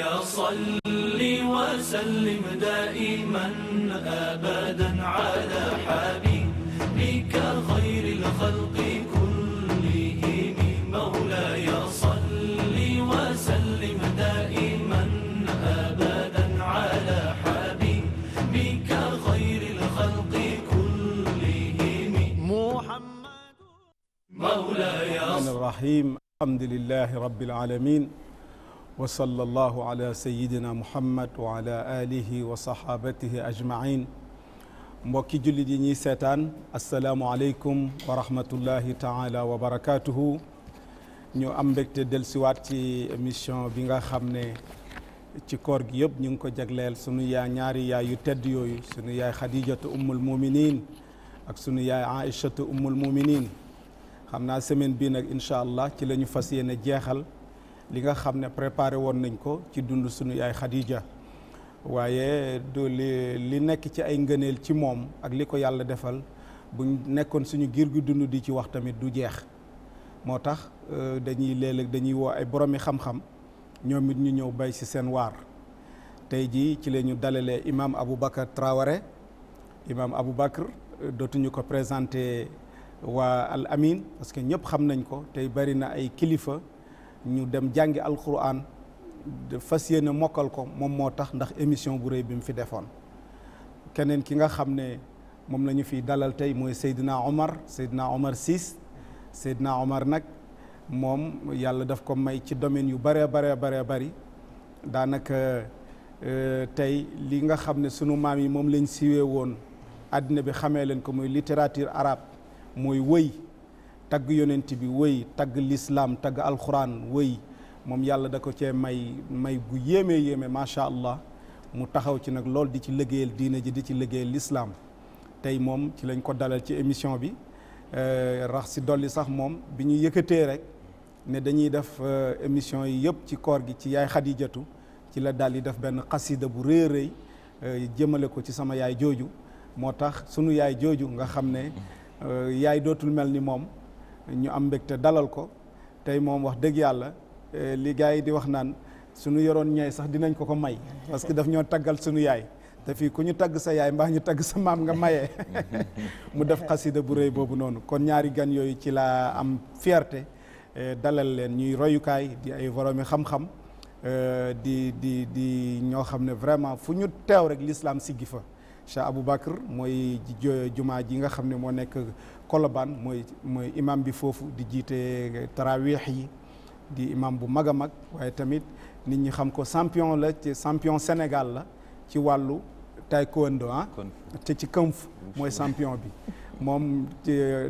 يا صل وسلم دائما أبدا على حبيبك خير الخلق كلهم مولاي صل وسلم دائما أبدا على حبيبك خير الخلق كلهم محمد مولاي الرحيم الحمد لله رب العالمين wa sallallahu ala sayidina muhammad wa ala alihi wa sahabatihi ajmain mbokki jullit yi ñuy seetaan asalaamu aleykum wa rahmatullahi taala wa barakatuhu ñu am mbégte dellusiwaat ci émission bi nga xam ne ci koor gi yëpp ñu ngi ko jagleel sunu yaay ñaari yaay yu tedd yooyu sunu yaay xadijatu ummul muminin ak sunu yaay aïchatu ummul muminin xam naa semaine bii nag incha allah ci la ñu fas yéene jeexal li nga xam ne préparé woon nañ ko ci dund suñu ay Khadija waaye du li li nekk ci ay ngëneel ci moom ak li ko yàlla defal bu nekkoon suñu giir gi dund di ci wax tamit du jeex moo tax euh, dañuy léeg dañuy woo ay boromi xam-xam ñoom it ñu ñëw bay si seen waar tey jii ci la ñu dalalee imam Aboubacar Traoré abu Aboubacar euh, dootuñu ko présenté waa Al Amin parce que ñëpp xam nañ ko tey bari na ay kilifa ñu dem jàngi alquran fas yéene mokkal ko moom moo tax ndax émission bu rëy bi mu fi defoon keneen ki nga xam ne moom lañu ñu fiy dalal tey mooy Seydina Omar Seydina Omar Ciss Seydina Omar nag moom yàlla daf ko may ci domaine yu bëree baree baree bëri daanaka euh, tey li nga xam ne sunu maam yi moom lañ siwee woon àddina bi xamee leen ko muy littérature arabe mooy wëy tagg yonent bi wëy tagg lislaam tagg alxuraan wéy moom yàlla da ko cee may may gu yéeme yéeme macha allah mu taxaw ci nag lool di ci liggéeyal diine ji di ci liggéeyal lislaam tey moom ci lañ ko dalal ci émission bi euh, rax si dolli sax moom bi ñu yëkkatee rek ne dañuy def euh, émission yi yëpp ci koor gi ci yaay xadijatu ci la daal di def benn xasida bu rëy rëy euh, jëmale ko ci sama yaay jooju moo tax sunu yaay jooju nga xam ne yaay dootul mel ni moom ñu am mbégte dalal ko tey moom wax dëgg yàlla eh, li gars yi di wax naan suñu yoroon ñay sax dinañ ko ko may parce que daf ñoo taggal suñu yaay te fii ku ñu tagg sa yaay mbaa ñu tagg sa maam nga mayee mu def xasida bu rëy boobu noonu kon ñaari gan yooyu ci laa am fierté eh, dalal leen ñuy royukaay di ay boromi xam-xam eh, di di di ñoo xam ne vraiment fu ñu teew rek lislaam siggi fa Cheikh Aboubacar mooy jumaa ji nga xam ne moo nekk Colobane mooy mooy imam bi foofu di jiite taraweex yi di imam bu mag a mag waaye tamit nit ñi xam ko champion la ci champion Sénégal la ci wàllu taekwondo ah te ci këmf mooy champion bi moom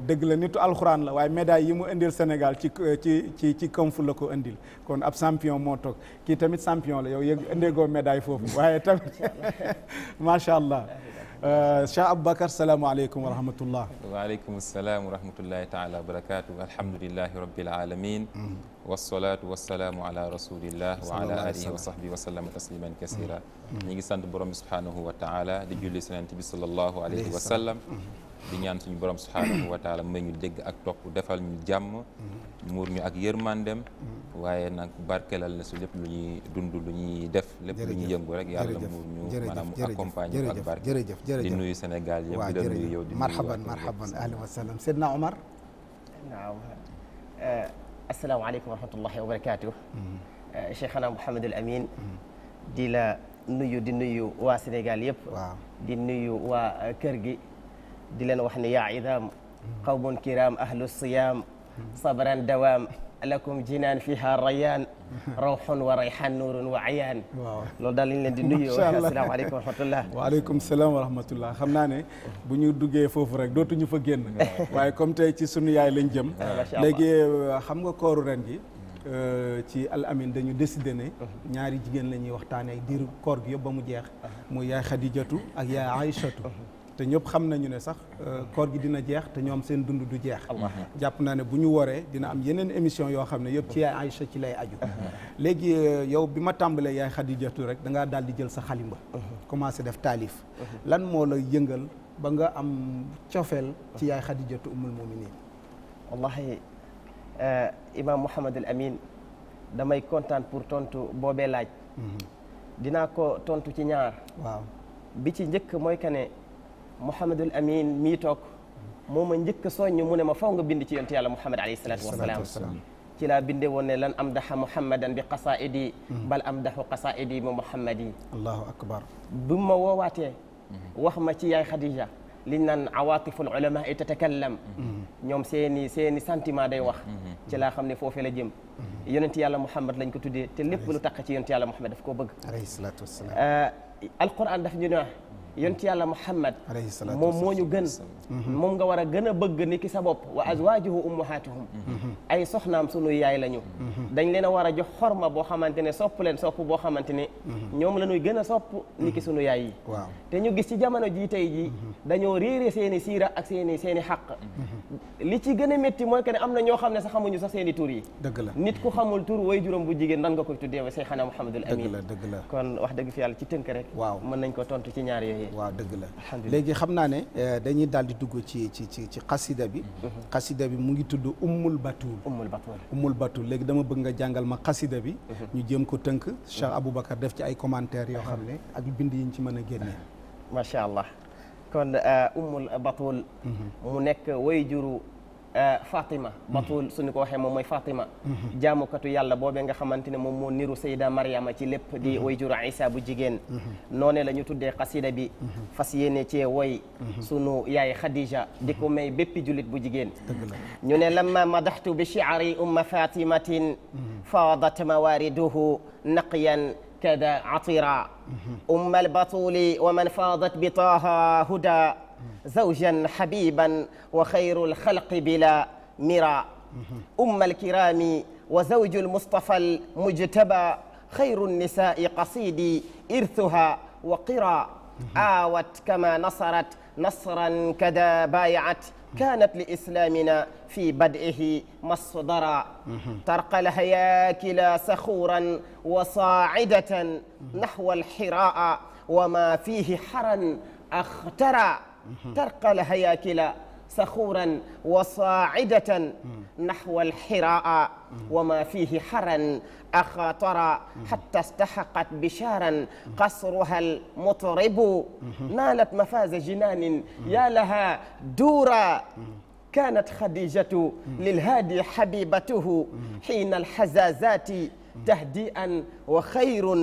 dëgg la nitu alxuraan la waaye médaille yi mu indil Sénégal ci ci ci ci këmf la ko indil kon ab champion moo toog kii tamit champion la yow yëg indeegoo médaille foofu waaye tamit macha allah Euh, Cheikh Aboubacar salaamaaleykum wa rahmatullah waaleykum salaam wa rahmatullahi taala wa barakaatu alhamdulilahi rabbil alamin mm-hmm. wasalaatu wasalaamu ala rasulillah wa ala alihi wa sahbihi wa sallama tasliman kasira mm-hmm. ñi ngi sant borom bi subhaanahu wa taala di julli si Yonent bi sallallahu alayhi wa sallam mm-hmm. di ñaan suñu borom subhaanahu wa taala may ñu dégg ak topp defal ñu jàmm muur ñu ak yërmandem waaye nag barkelal na su lépp lu ñuy dund lu ñuy def lépp lu ñuy yëngu rek yàlla muur ñu maanaam accompagner ak barke di nuyu Sénégal yëpp di nuyu yow di marhaban marhaban ahlan wa sallam Seydina Omar waaw eh, asalaamaaleykum wa rahmatullahi eh, mm-hmm. di la nuyu di nuyu waa Sénégal yëpp di nuyu waa eh, kër di leen wax ni yaa idaam qawmun kiram ahlu siyaam sabran dawaam lakum jinaan fiha rayaan rawxun wa rayxaan nuurun wa ayaan loolu daal lañ leen di nuyu asalaamaaleykum wa rahmatullah waaleykum salaam wa rahmatullah xam naa ne bu ñu duggee foofu rek dootuñu fa génn waaye comme tey ci sunu yaay lañ jëm léegi euh, xam nga kooru ren gi euh, ci al amin dañu décidé ne ñaari jigéen la ñuy waxtaanee diiru koor gi yëpp ba mu jeex muy yaay Xadijatu ak yaay Aïchatu te ñëpp xam nañu ne sax euh, koor gi dina jeex te ñoom seen dund du jeex jàpp naa ne bu ñu waree dina am yeneen émission yoo xam ne yëpp ci yaay Aïcha ci lay aju léegi euh, yow bi ma tàmbalee yaay Xadijatu rek da ngaa daal di jël sa xalimba uh-huh. commencé def taalif uh-huh. lan moo la yëngal ba nga am cofeel ci yaay Xadijatu umul muminin wallahi euh, imam Mouhamadul Amin damay kontaan pour tontu boobee laaj mm-hmm. dinaa ko tontu ci ñaar waaw bi ci njëkk mooy que Mouhamadul Amin mii toog a soññ mu ne ma faw nga bind ci yontu yàlla Mouhamad alayhi salaatu wasalaam ci laa binde woon ne lan am daxa Mouhamadan bi qasaidi hmm. bal am daxu qasaidi mu Mouhamad yi allahu akbar bu ma wax ma ci yaay Khadija liñ naan awatiful ulama i tatakallam hmm. ñoom seeni seeni sentiment day wax hmm. ci laa xam ne foofee la jëm yonent yàlla Muhammad lañ ko tuddee te lépp lu taq ci yonent yàlla Muhammad daf koo bëgg alayhi salaatu wasalaam euh, alquran daf ñu ne yonti yàlla muhammad moom moo ñu gën mm-hmm. moom nga war a gën a bëgg ni ki sa bopp wa azwaajuhu ummahaatuhum mm-hmm. ay soxnaam sunuy yaay lañu mm-hmm. dañ leen a war a jox xorma boo xamante ne sopp leen sopp boo xamante ne ñoom la ñuy gën a sopp ni ki sunu yaay yi waaw te ñu gis ci jamono jii tey jii dañoo réere seen siira ak seen i seen li ci gën a mooy que ne am na ñoo xam ne sax xamuñu sax seen i tur yi la nit ku xamul tur way juróom bu jigéen nan nga koy tuddee wa say xanaa dëgg la dëgg la kon waaw mën nañ ko tontu ci ñaar yéen waaw dëgg la léegi xam naa ne euh, dañuy daal di dugg ci ci ci ci xasida bi mm-hmm. xasida bi mu ngi tudd ummul batul ummul batul ummul batul léegi dama bëgg nga jàngal ma xasida bi mm-hmm. ñu jéem ko tënk Cheikh mm-hmm. Aboubacar def ci ay commentaires yoo xam ne ak bind yi ñu ci mën a génne macha allah kon euh, ummul batul mu nekk way juru Euh, Fatima. batul mm-hmm. suñu ko waxee moom mooy Fatima. Mm-hmm. jaamukatu yàlla boobee nga xamante ne moom moo niru Sayda Mariama ci lépp di mm-hmm. way juru Isa bu jigéen. noonee la ñu tuddee xasida bi. fas yéene cee woy. sunu yaay Khadija. di ko may béppi jullit bu jigéen. ñu ne lamma madaxtu bi shi'ari umma fatimatin faadat mawariduhu naqiyan kada atira. umma albatuli wa man faadat bi taaha huda زوجا حبيبا وخير الخلق بلا مرى أم الكرام وزوج المصطفى المجتبى خير النساء قصيدي إرثها وقرى آوت كما نصرت نصرا كذا بايعت كانت لإسلامنا في بدئه مصدرا ترقى الهياكل سخورا وصاعدة نحو الحراء وما فيه حرا أخترى ترقل هياكل صخورا وصاعدة نحو الحراء وما فيه حرا أخاطرا حتى استحقت بشارا قصرها المطرب نالت مفاز جنان يا لها دورا كانت خديجة للهادي حبيبته حين الحزازات تهديئا وخير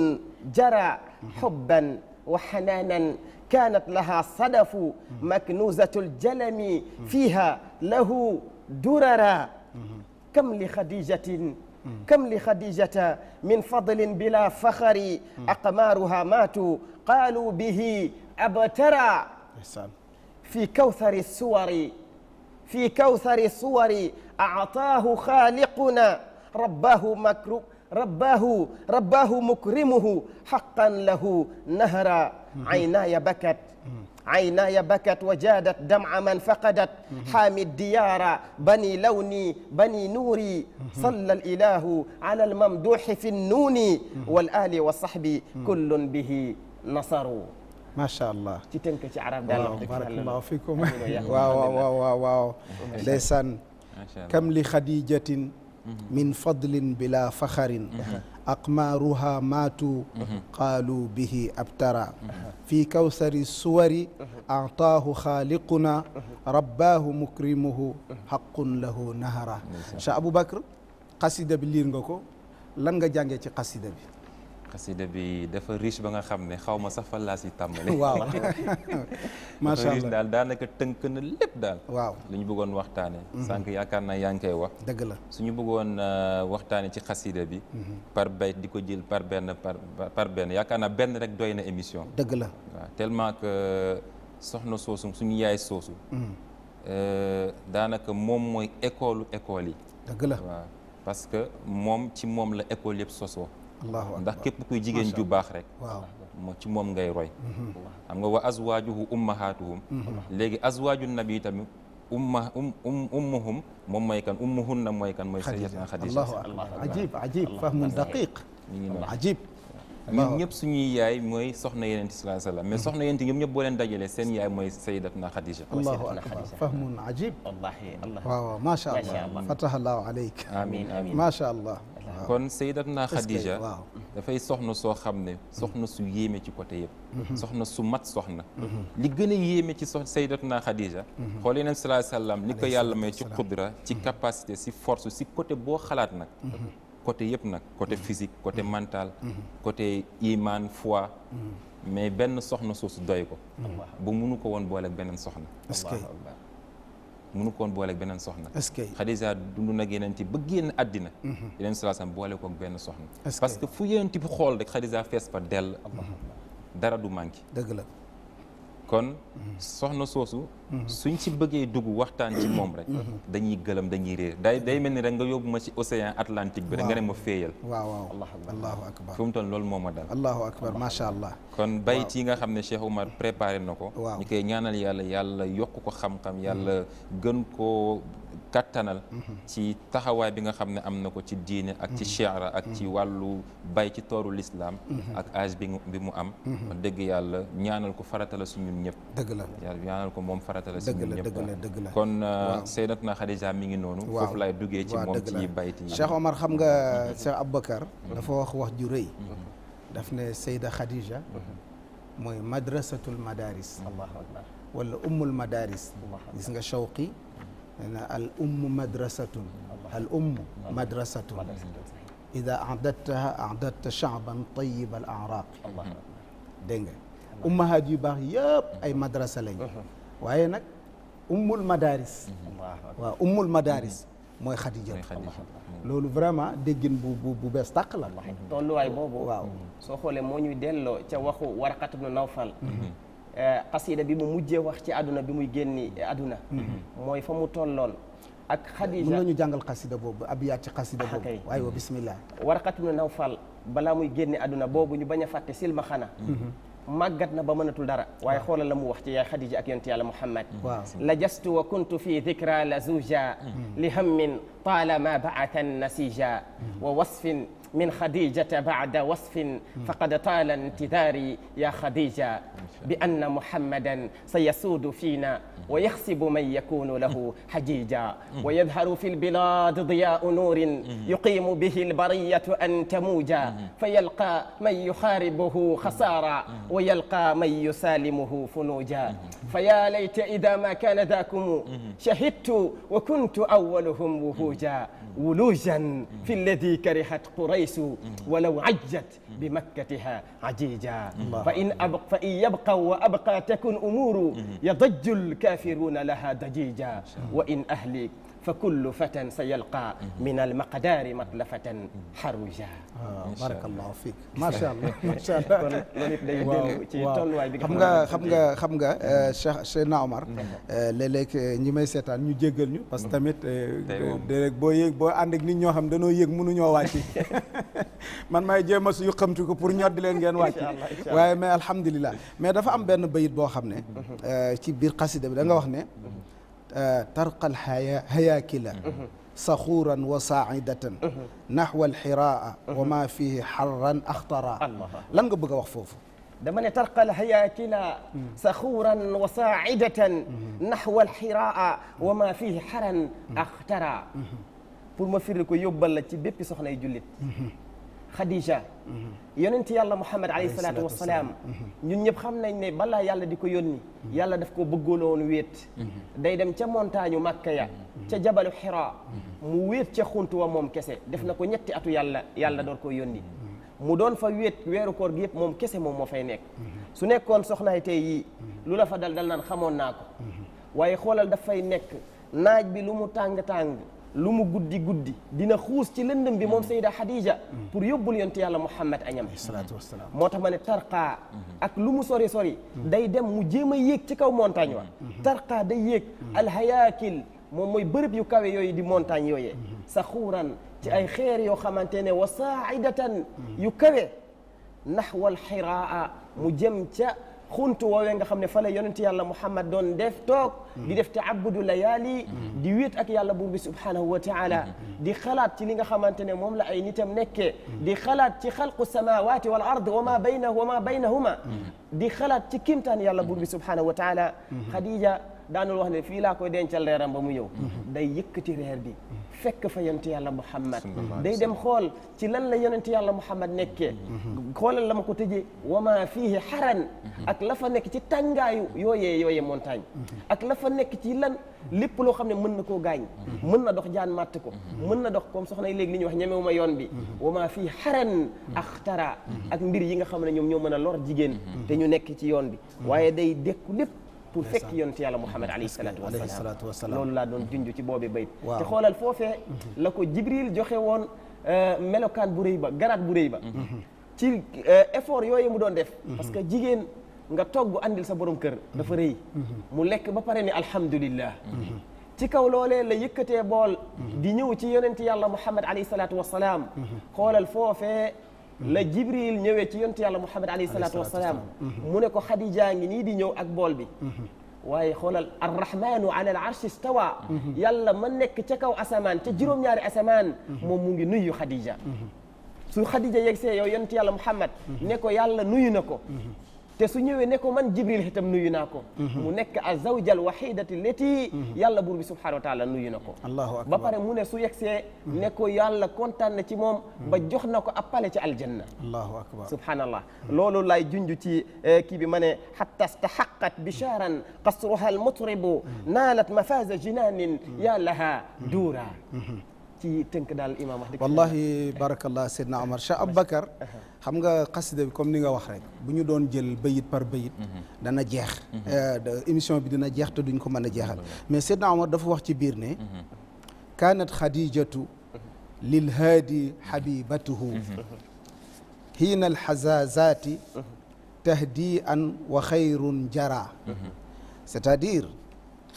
جرى حبا وحنانا كانت لها صدف مكنوزة الجلم فيها له دررا كم لخديجة كم لخديجة من فضل بلا فخر أقمارها ماتوا قالوا به أبترى في كوثر السور في كوثر الصور أعطاه خالقنا رباه مكروه rabbaahu rabbaahu mukrimuhu haqqan lahu nahra hmm. aynaaya bakat hmm. aynaaya bakat wa jaadat dam'a man faqadat haamid hmm. diyaara bani lawni bani nuuri salla al-ilaahu ala al-mamduuhi fi nnuuni wal aali wa sahbi kullun bihi nasaru macha allah ci tënk ci arab daal waaw barakallahu fikum waaw waaw waaw waaw ndeysaan kam li xadijatin min fadlin bila faxarin aqmaaruha maatu qaalu bihi abtara fi kawsari suwari aataahu xaaliquna rabbaahu mukrimuhu xaqun lahu nahara Cheikh Abou Bakr xasida bi liir nga ko lan nga jàngee ci xasida bi xasida bi dafa riche ba nga xam ne xaw ma sax fan laa si tàmbali. waaw macha allah riche daal daanaka tënk na lépp daal. waaw lu ñu bëggoon waxtaanee. Mhm. sànq yaakaar naa yaa ngi koy wax. dëgg la su ñu bëggoon euh, waxtaanee ci xasida bi. Mhm. par bay di ko jël par benn par benn yaakaar naa benn rek doy na émission. dëgg la waaw que euh, soxna soosu suñu yaay soosu. Mhm. Euh, daanaka moom mooy école école yi. dëgg la waaw que moom ci moom la école yëpp sosoo. ndax képp kuy jigéen ju baax rek moo ci moom ngay roy mhm. xam nga wa azwaajuhu ummahatuhum mhm. léegi azwaaju nabi tamit umma um um moom mooy kan ummuhunna mooy kan mooy sayyidatuna Xadija ajib ajib fahmun daqiq mi ngi noonu ajib ñoom ñëpp suñuy yaay mooy soxna yeneen sallallahu alayhi wasallam mais mhm. soxna yeneen ñoom ñëpp boo leen dajalee seen yaay mooy sayyidatuna Xadija allahu akbar fahmun ajib wallahi allah waaw waaw macha allah fatahallahu alayk amin amin macha allah kon sayyidatuna Khadija waaw dafay soxna soo xam ne mhm. soxna su yéeme ci côté yëpp mhm. soxna su mat soxna mhm. li gën a yéeme ci sox sayyidatuna Khadija xool yeneen sa alayhi wasallam li ko yàlla may ci xudra ci capacité si force si côté boo xalaat nag côté yëpp nag côté physique côté mental côté iman foi mais benn soxna soosu doy ko bu munu ko woon boole beneen soxna mënu koon booleeg beneen soxna Xadija dund nag yenente ba génn àddina mhm. yeneen salaasam boole koog benn soxna parce que fu yenente bu xool rek Xadija fees fa dell mhm. dara du manqué dëgg la kon soxna soosu. suñ ci bëggee dugg waxtaan ci moom rek. Mhm. Mhm. dañuy gëlëm dañuy réer day day mel ni rek nga yóbbu ma ci océan Atlantique bi rek nga ne ma féeyal. waaw waaw allahu a fi mu toll loolu moo ma dal. allahu akbar macha allah. kon bayit yi nga xam ne Cheikh Oumar préparé na ko. waaw ñu koy ñaanal yàlla yàlla yokk ko xam-xam yàlla mhm. gën koo. kattanal mhm. ci taxawaay bi nga xam ne am na ko ci diine ak ci mhm. shiara ak ci mhm. wàllu bay ci tooru lislaam ak âge bi bi mu am dégg yàlla ñaanal ko faratal su ñun ñëpp dëgg la ñaanal ko moom faratala su ñun ñëpp kon euh, sayyidatuna Xadija mi ngi noonu foofu laay duggee ci moom ci bayti yi Cheikh Omar xam nga Cheikh Aboubacar dafa wax wax ju rëy daf ne Sayda Xadija mooy madrasatul madaris wala ummul madaris gis nga Shawqi nee na al ummu madrasatun al ummu madrasatun ida ahdattaha ahdatta chaaban tayiba al araqi dégg nga ummahaat yu baax yëpp ay madrasa lañ waaye nag ummul madaris waaw ummul madaris mooy Xadija loolu vraiment déggin bu bu bu bees tàq la tolluwaay boobu waaw soo xoolee moo ñuy delloo ca waxu Warqat ibn Nawfal mhm. Euh, xasida bi mu mujjee wax ci àdduna bi muy génni àdduna mhm. mooy fa mu tolloon ak xadija mën nañu jàngal xasida boobu abiyaat ci xasida boobu waaye wa bismillah warqatu na nawfal balaa muy génne àdduna boobu ñu bañ a fàtte silma xana mhm. màggat na ba mënatul dara waaye xoolal la mu wax ci yaay xadija ak yonent yàlla muhammad la jastu wa kuntu fi dikra la zuja mhm. li hammin taalama baatan nasija wa wasfin min xadijata baada wasfin faqad taala intidaari ya xadija bi anna muhammadan sa yasuudu fiina wa yaxsibu man yakunu lahu xajija wa yadharu fi lbilad diyaau nuurin yuqimu bihi albariyatu an tamuuja fa yalqa man yuxaaribuhu xasaara wa yalqa man yusaalimuhu funuuja fa yaa layta ida ma kaana daakumu shahidtu wa kuntu awwaluhum wuhuuja wuluujan fi lladi karihat quraysu walaw ajjat bi makkatiha ajija fa in ab fa in yabqa wa abqa takun umuru yadajju lkafiruna laha dajija wa in ahlik fa kullu fatan sa yalqa min al maqdaari matlafatan xaruja waaw barakallahu fiik macha allah macha allah kon loolu it day dellu ci tolluwaay bi xam nga xam nga xam nga Cheikh Cheikh na Omar léeg ñi may seetaan ñu jéggal ñu parce que tamit déeg boo yéeg boo ànd ak nit ñoo xam danoo yéeg mënuñoo wàcc man may jéem a yu xamtu ko pour ñoddi leen ngeen wàcc waaye mais alhamdulilah mais dafa am benn bayit boo xam ne mhmm. euh, ci biir xasida bi danga wax ne mhmm. tarqal haya hayakila saxuuran wa saaidatan nahwa alxiraa wa maa fihi xarran axtara lan nga bëgg a wax foofu dama ne tarqal hayaakila saxuuran wa saaidatan nahwa alxiraa wa maa fihi xaran axtara pour ma firi ko yóbbal la ci bépp soxnay jullit Khadija mm-hmm. yonent yàlla Muhammad alayhi salaatu wa salaam mm-hmm. ñun ñëpp xam nañ ne balaa yàlla di ko yónni mm-hmm. yàlla def ko bëggaloon wéet day dem ca montagne u Makka ya ca jabalu Xira mu wéet ca xunt wa moom kese def na ko ñetti atu yàlla yàlla door ko yónni mu doon fa wéet weeru koor gi yëpp moom kese moom moo fay nekk su nekkoon soxnaay tey yii lu la fa dal dal naan xamoon naa ko waaye xoolal dafay nekk naaj bi lu mu tàng-tàng lu mu guddi guddi dina xuus ci lëndëm bi moom mm. sayida Xadija mm. pour yóbbul yontu yàlla Muhammad añam moo tax ma ne tarqaa mm-hmm. ak lu mu sori sori mm-hmm. day dem mu jéem a yéeg ci kaw montagne wa mm-hmm. tarqaa day yéeg alhayaakil moom mooy bërëb yu kawe yooyu di montagne yooyee saxuuran ci ay xeer yoo xamante ne wa saaidatan yu kawe naxwa alxiraa mu jëm ca xuntu woowee nga xam ne fa la yonent yàlla muhammad doon def toog di def taabudu layaali di wéet ak yàlla buur bi subhanahu wa taala di xalaat ci li nga xamante ne moom la ay nitam nekkee di xalaat ci xalqu samawati wal ard wa ma bayna wa ma baynahuma di xalaat ci kimtaan yàlla buur bi subhanahu wa taala xadija daanul wax ne fii laa koy dencal reeram ba mu ñëw day yëkkati reer bi fekk fa yonent yàlla muhammad day dem xool ci lan la ti yàlla muhammad nekkee xoolal la ma ko tëjee wama fiihi xaran ak la fa nekk ci tàngaayu yooyee yooyee montagne ak la fa nekk ci lan lépp loo xam ne mën na koo gaañ mën na dox jaan màtt ko mën na dox comme soxna yi léegi li ñuy wax ñemewuma yoon bi wama fii xaran axtara ak mbir yi nga xam ne ñoom ñoo mën a lor jigéen te ñu nekk ci yoon bi waaye day dékku lépp pour fekk yonent yàlla Muhammad alayhi salaatu wasalaam loolu laa doon junj ci boobe bayt te xoolal foofee mhm. la ko Jibril joxe woon euh, melokaan bu rëy ba garaat bu rëy ba mhm. ci euh, effort yooyu mu doon def mhm. parce que jigéen nga togg andil sa borom kër dafa rëy mu lekk ba pare ni alhamdulillah ci kaw loole la yëkkatee bool di ñëw ci yonent yàlla Muhammad alayhi salaatu wasalaam xoolal foofee la jibril ñëwee ci yontu yàlla muhammad alayhi salaatu wasalaam mu ne ko xadija ngi nii di ñëw ak bool bi waaye xoolal arrahmanu ala al arshi stawa yàlla man nekk ca kaw asamaan ca juróom-ñaari asamaan moom mu ngi nuyu xadija su xadija yegg see yow yontu yàlla muhammad ne ko yàlla nuyu na ko te su ñëwee ne ko man jibril itam nuyu naa ko mhm. mu nekk azawjal wahidati leti mhm. yàlla buur bi subhanahu wa taala nuyu na ko ba pare mu ne su yegsee mhm. ne ko yàlla kontaan na ci moom ba jox na ko appale ci aljanna allahu akbar subhanallah loolu lay junju ci eh, kii bi ma ne hatta stahaqat bisharan qasruha almutribu naalat mafaza jinaanin yaa laha duura ci tënk daal imaam wax dëgg wallahi barakallah Seydina Omar Cheikh Aboubacar xam nga xasida bi comme ni nga wax rek bu ñu doon jël bayit par bayit mhm. dana jeex mhm. eh, émission bi dana jeex te duñ ko mën a jeexal mhm. mais Seydina Omar dafa wax ci biir ne kaanat xadijatu lil haadi xabibatuhu hiina alxazazati tahdi an wa xayrun jara c'est-à-dire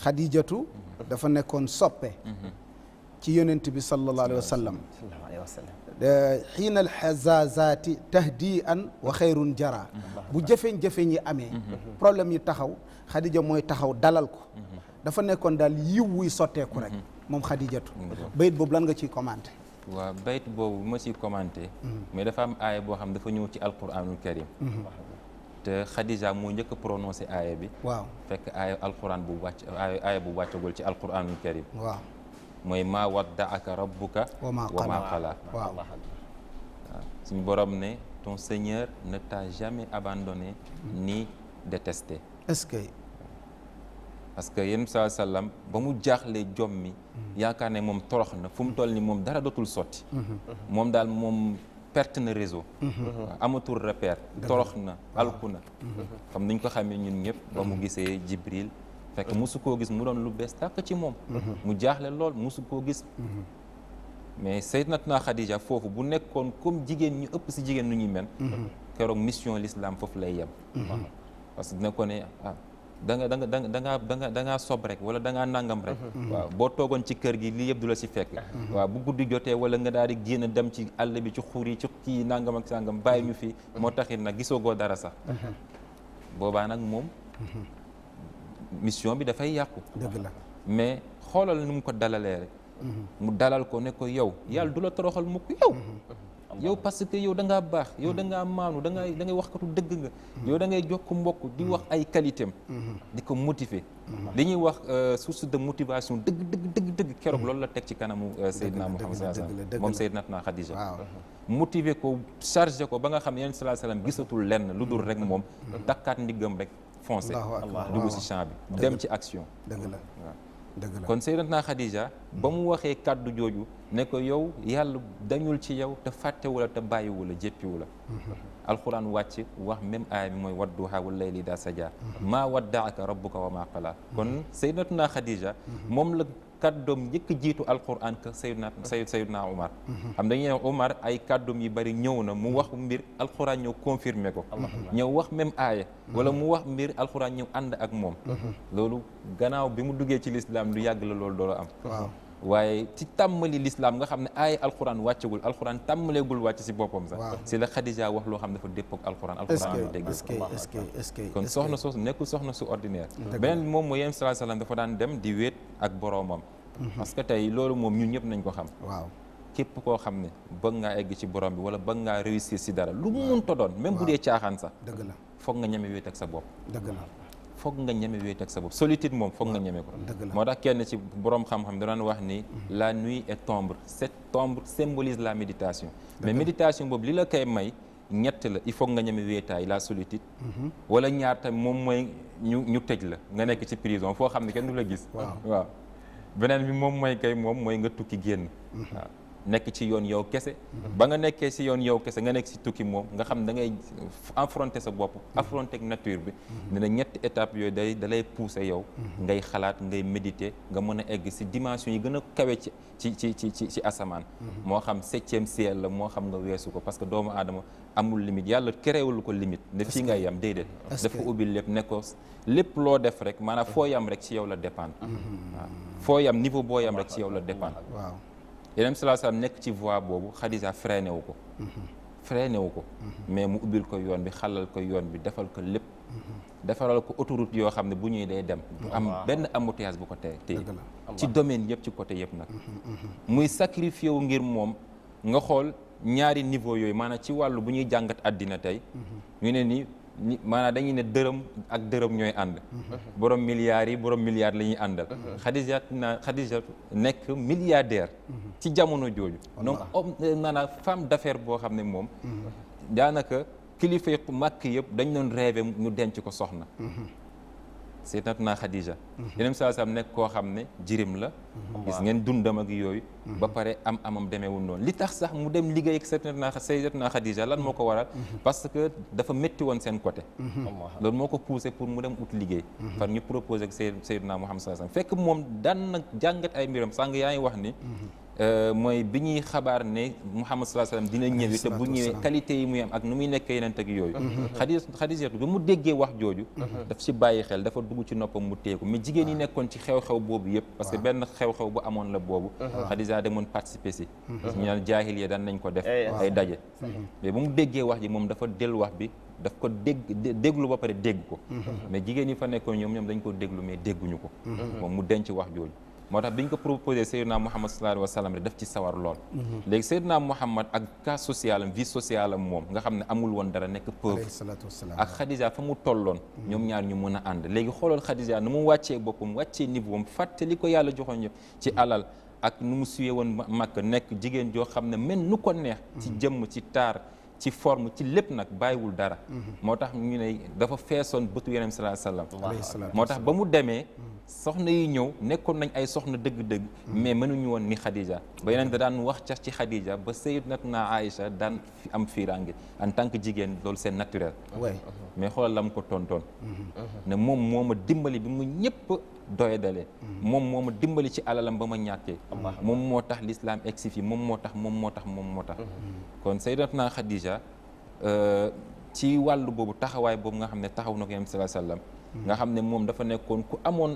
xadijatu dafa nekkoon soppe ci yonent bi sallallahu alayhi wa sallam xiina alxazazaati tahdi an wa xayrun jara bu jafeñ-jafeñ yi amee problème yi taxaw xadija mooy taxaw dalal ko dafa nekkoon daal yiw wuy sotteeku rek moom xadijatu bayit boobu lan nga ciy commenté waaw bayit boobu bu ma ciy commenté mais dafa am aaya boo xam dafa ñëw ci alquranul karim te Khadija moo njëkk a aaya bi waaw fekk aaya alquran bu wàcc aaya bu wàccagul ci alquranul karim waaw mooy maa waddaaka rabbuka wa maa qala waaw ah, suñu borom ne ton Seigneur ne t'a jamais abandonné ni détesté est-ce que parce que yéen saa sallam ba mu jaaxlee jommi mhm. yaakaar ne moom torox na fu mu toll ni moom dara dootul sotti mhm. moom daal moom perte na réseau mhm. amatul repère torox na alku na ko xamee ñun ñëpp ba mu gisee Jibril fekk mosu mhm. koo gis mu doon lu bees tàkk ci moom mhm. mu jaaxle lool mosu koo gis mhm. mais Sayyidatuna Khadija foofu bu nekkoon comme jigéen ñu ëpp si jigéen nu ñuy mel keroog mission l'islam foofu lay yem parce que dina ko ne ah da nga da da nga da da ngaa sob rek wala da ngaa nangam rek waaw boo toogoon ci kër gi lii yëpp du la si fekk waaw bu guddi jotee wala nga daal di génn dem ci àll bi ci xur yi ci kii nangam ak sàngam bàyyi ñu fi moo taxit nag gisoo goo dara sax boobaa nag moom mission bi dafay yàqu. dëgg la mais xoolal nu mu ko dalalee rek. Mhm. mu dalal ko ne ko yow yàlla du la toroxal mukk yow. Mhm. yow parce que yow da ngaa baax yow da mhm. ngaa maanu da ngaa da ngay waxkatu dëgg nga. yow da ngay jokk mbokk di wax ay qualité am di ko motiver. li ñuy wax euh, source de motivation dëgg dëgg dëgg keroog loolu la teg ci kanamu euh, Seydina Muhammad sallallahu alayhi wasallam moom Seydatuna Khadija motiver ko chargé ko ba nga xam ne yeneen sallallahu alayhi gisatul lenn lu dul rek moom. takkaat ndiggam rek. foncé dugg si champ bi dem ci action dëgg la dëgg la kon Seydatna Khadija ba mu hmm. waxee kàddu jooju ne ko yow yàlla dañul ci yaw te fàttewu la te bàyyiwu la jéppiwu la hmm. alxuraan wàcc wax même aaya bi mooy wadduha wal layli daa saja hmm. maa waddaaka rabbuka wa maa qala kon Seydatna Khadija moom la kàddoom jëkk jiitu alquran que Seydina Seyd Seydina Omar. xam dañuy ne Omar ay kàddoom yi bari ñëw na mu wax mbir alquran ñëw confirmer ko. ñëw wax même aaya. wala mu wax mbir alquran ñëw ànd ak moom. Uhuh. loolu gannaaw bi mu duggee ci lislaam lu yàgg la loolu doolu am. waaye ci tàmmali lislaam nga xam ne ay alxuraan wàccagul alxuraan tàmbaleegul wàcc si boppam sax si la Xadija wax loo xam ne dafa déppoog alxuraan alxuraan dégg kon soxna soosu nekkul soxna su ordinaire beneen moom mooy yem sallallahu dafa daan dem di wéet ak boroomam mhm. parce que tey loolu moom ñun ñëpp nañ ko xam waaw képp koo xam ne bëgg ngaa egg ci borom bi wala bëgg ngaa réussir si dara lu mu mënta doon même bu dee caaxaan sax dëgg la foog nga ñeme wéet ak sa bopp dëgg la foog nga ñeme wéet ak sa bopp solitude moom foog nga ñeme ko moo tax kenn ci borom xam-xam da wax ni mhm. la nuit est ombre cette ombre symbolise la méditation mais méditation boobu li la kay may ñett la il faut nga ñeme wéetaay la solitide mhm. wala ñaar tam moom mooy ñu ñu tëj la nga nekk ci prison foo xam ne kenn du la gis waaw beneen bi moom mooy kay moom mooy nga tukki génn mhm. nekk ci yoon yow kese ba nga nekkee si yoon yow kese nga nekk si tukki moom nga xam da ngay affronter sa bopp mm-hmm. affronter nature bi ne mm-hmm. na ñetti étape yooyu day da lay pousser yow mm-hmm. ngay xalaat ngay médité nga mën a egg si dimension yi gën a kawe ci ci ci ci ci ci asamaan moo xam septième ciel la moo xam nga weesu ko parce que doomu aadama amul limite yàlla créewul ko limite ne fii ngay yam déedéet dafa ubbi lépp ne ko lépp loo def rek maanaa foo yam rek ci yow la dépendre waaw foo yam niveau boo yam rek ci yow la dépendre waaw yeneen salaa salaam nekk ci voie boobu Xadija freiné wu ko mhm. freiné wu ko mhm. mais mu ubbil ko yoon bi xalal ko yoon bi defal ko lépp mhm. defaral ko autoroute yoo xam ne bu ñuy dee dem am benn embouteillage bu ko tee tey ci domaine yëpp ci côté yëpp nag muy sacrifié wu ngir moom nga xool ñaari niveau yooyu maanaam ci wàllu bu ñuy jàngat àddina tey ñu ne ni maanaa dañuy ne dërëm ak dërëm ñooy ànd borom milliards yi borom milliards la ñuy àndal Khadija na Khadija nekk milliardaire ci jamono jooju donc homme euh, maanaam femme d'affaires boo xam ne moom mm-hmm. daanaka kilifa yu mag yëpp dañ doon rêvé ñu denc ko soxna mm-hmm. sayyidatuna Khadija yeneen saa sam nekk koo xam ne jirim la mhm. gis ngeen dundam ak yooyu mhm. ba pare am amam demeewul noonu li tax sax mu dem liggéey ak sayyidatuna sayyidatuna Khadija lan moo ko waral mhm. parce que dafa métti woon seen côté loolu moo ko poussé pour mu dem ut liggéey far ñu proposé ak sayyiduna Muhammad xam alayhi wasallam fekk moom daan na jàngat ay mbiram sàng yaa ngi wax ni Euh, mooy bi ñuy xabaar ne Muhammad sallallahu alayhi wasallam dina ñëw te bu ñëwee qualité yi muy am ak nu muy nekkee yeneen ak yooyu mhm. xadis xadis bi mu déggee wax jooju mhm. Mhm. daf si bàyyi xel dafa dugg ci noppam mu téeku mais jigéen yi ah. nekkoon ci xew-xew boobu yëpp parce que ah. benn xew-xew bu amoon la boobu ah. xadisa demoon participer si ñu naan jaahiliya daan nañ ko def eh, ay daje mm-hmm. mais bu mu déggee wax ji moom dafa dellu wax bi daf ko dégg déglu ba pare dégg ko mais jigéen yi fa nekkoon ñoom ñoom dañ ko déglu mais dégguñu ko moom mu denc wax jooju moo tax bi ñu ko proposé Seydina Mouhamad sallallahu alayhi wa sallam rek def ci sawar lool. Mhm. léegi Seydina Mouhamad ak cas social am vie sociale am moom nga xam ne amul woon dara nekk pauvre. ak Khadija fa mu tolloon. Mhm. ñoom ñaar ñu mën a ànd léegi xoolal Khadija nu mu wàccee boppam wàccee niveau am fàttali ko yàlla joxoon yëpp ci mhm. alal. ak nu mu suyee woon Makka nekk jigéen joo xam ne mel nu ko neex. ci jëmm ci taar. ci forme ci lépp nag bàyyiwul dara mhm. moo tax ñu ne dafa feesoon bëtu yeneen sallallahu alayhi wasallam moo tax ba mu demee mhm. soxna yi ñëw nekkoon nañ ay soxna dëgg-dëgg mhm. mais mënuñu woon ni Khadija ba yeneen da daan wax ca ci Khadija ba Sayyidatuna Aïcha daan am fiiraange en tant que jigéen loolu seen naturel mais xoolal lam mu ko tontoon ne moom moo ma dimbali bi mu ñëpp doyadale mm-hmm. moom moo ma dimbali ci alalam ba ma ñàkkee moom moo tax lislaam egsi fi moom moo tax moom moo tax moom moo tax mm-hmm. kon sayyidatuna Khadija euh, ci wàll boobu taxawaay boobu nga xam ne taxaw na ko yam sallallahu alayhi mm-hmm. nga xam ne moom dafa nekkoon ku amoon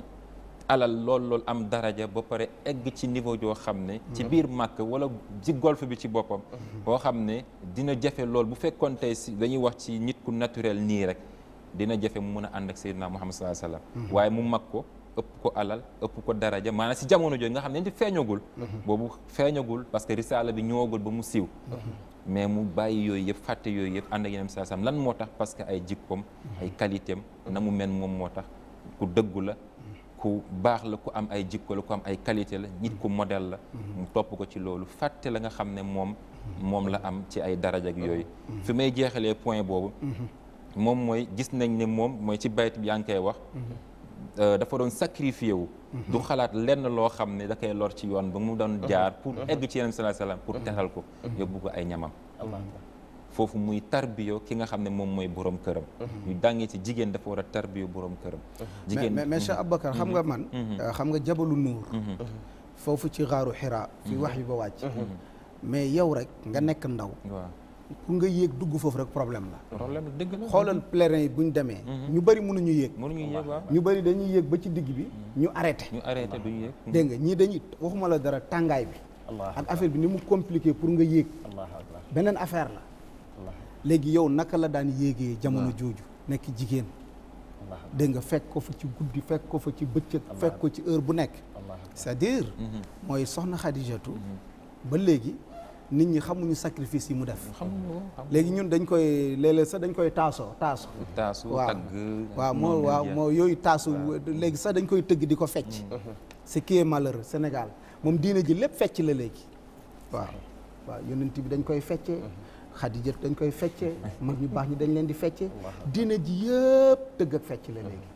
alal lool lool am daraja ba pare egg ci niveau joo xam ne ci biir màkk wala ci golf bi ci boppam koo xam ne dina jafe lool bu fekkoon tey si dañuy wax ci nit ku naturel nii rek dina jafe mu mën a ànd ak Seydina Muhammad sallallahu alayhi wasallam waaye mu mag ko ëpp ko alal ëpp ko daraja maanaam si jamono jooju nga xam ne ci feeñagul mhm. boobu feeñagul parce que risaala bi ñëwagul ba mu siiw mhm. mais mu bàyyi yooyu yëpp fàtte yooyu yëpp ànd ak yeneen saa sam lan moo tax parce que ay jikkoom mhm. ay qualitéem na mu mel moom moo tax ku dëggu la ku baax la ku am ay jikko la ku ay qualité la nit ku modèle la mu topp ko ci loolu fàtte la nga xam ne moom moom la am ci ay daraja yooyu fi may jeexalee point boobu moom mooy gis nañ ne moom mooy ci bayt yaa ngi koy wax Euh, dafa doon sacrifié wu. Mhm. du xalaat lenn loo xam ne dakay koy lor ci yoon ba mu doon mhm. jaar. pour mhm. egg ci yeneen salaasalaam pour teral ko. yóbbu ko ay ñamam. foofu muy tarbiyo ki nga xam ne moom mooy borom këram. ñu dàngee ci jigéen dafa war a tarbiyo borom jigéen mais mais Cheikh bakar xam nga man. Euh, xam nga jabalu nuur. foofu ci xaaru xiraa. fi wax yu ba wàcc. mais yow rek nga nekk ndaw. pour nga yéeg dugg foofu rek problème la. problème dëgg la xoolal pèlerin yi bu ñu demee. Mhm. ñu bari mënuñu yéeg. mënuñu yéeg waaw ñu bëri dañu yéeg ba ci digg bi. Mhm. ñu arrêté. ñu arrêté duñu yéeg. Mhm. dégg nga ñii dañuy waxuma la dara tàngaay bi. ak affaire bi ni mu compliqué pour nga yéeg. beneen affaire la. léegi yow naka la daan yéegee jamono jooju. nekk jigéen. dégg nga fekk ko fa ci guddi fekk ko fa ci bëccëg. fekk ko ci heure bu nekk. cest à mooy soxna Xadijatu ba léegi nit ñi xamuñu sacrifice yi mu def. léegi ñun dañ koy léeg-léeg sax dañ koy taasoo taasu. taasu tagg waaw moo waaw moo yooyu taasu léegi sax dañ koy tëgg di ko fecc. Mm-hmm. ce qui Sénégal moom diine ji lépp fecc la léegi. waaw waaw yonent bi dañ koy feccee. Mm-hmm. Xadija dañ koy feccee. Mm-hmm. mag ñu baax ñi dañ leen di feccee. diine ji yëpp tëgg ak fecc la léegi.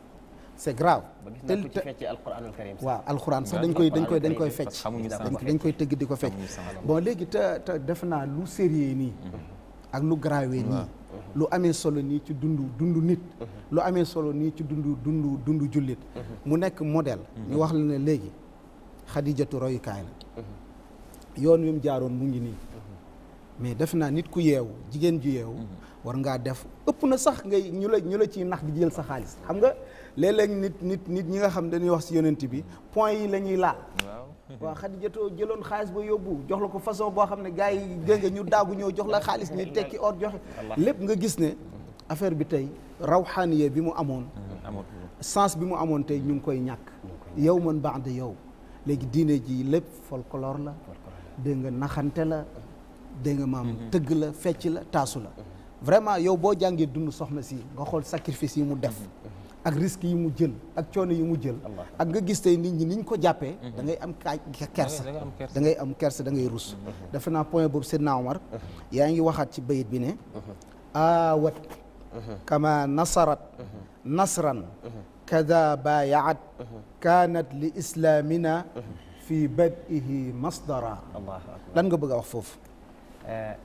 c'est grave. te waaw alxuraan sax dañ koy dañ koy dañ koy fecc. dañ koy tëgg di ko fecc. bon léegi te te def naa lu sérieux nii. ak lu grave nii. lu amee solo nii ci dundu dundu nit. lu amee solo nii ci dundu dundu dundu jullit. mu nekk model ñu wax la ne léegi xadijatu royukaay la. yoon wi mu jaaroon mu ngi nii. mais def naa nit ku yeewu jigéen ju yeewu. war ngaa def ëpp na sax ngay ñu la ñu la ciy nax di jël sa xaalis xam nga. léeg nit nit nit ñi nga xam dañuy wax si yonent bi point yi la ñuy laal. waaw jëloon xaalis ba yóbbu jox la ko façon boo xam ne gars yi dégg nga ñu daagu ñëw jox la xaalis ni tekki or joxe. lépp nga gis ne affaire bi tey rawxaaniye bi mu amoon. Mm-hmm. sens bi mu amoon tey ñu ngi koy ñàkk. yow man baax de yow léegi diine ji lépp folklore la. dégg nga naxante la. dégg nga maam mm-hmm. tëgg la fecc la taasu la. Mm-hmm. vraiment yow boo jàngee dund soxna si nga xool sacrifice yi mu def. ak risques yi mu jël ak coono yi mu jël ak nga gis tey nit ñi ni ñu ko jàppee mhm. da ngay am kaaj kersa da ngay am kersa dangay rus mhm. defe naa point boobu Seydina Omar mhm. yaa ngi waxaat ci bayit bi ne aawat kama nasarat nasran kada baayaat kaanat li islaamina fi badihi masdara lan nga bëgg a wax foofu eh,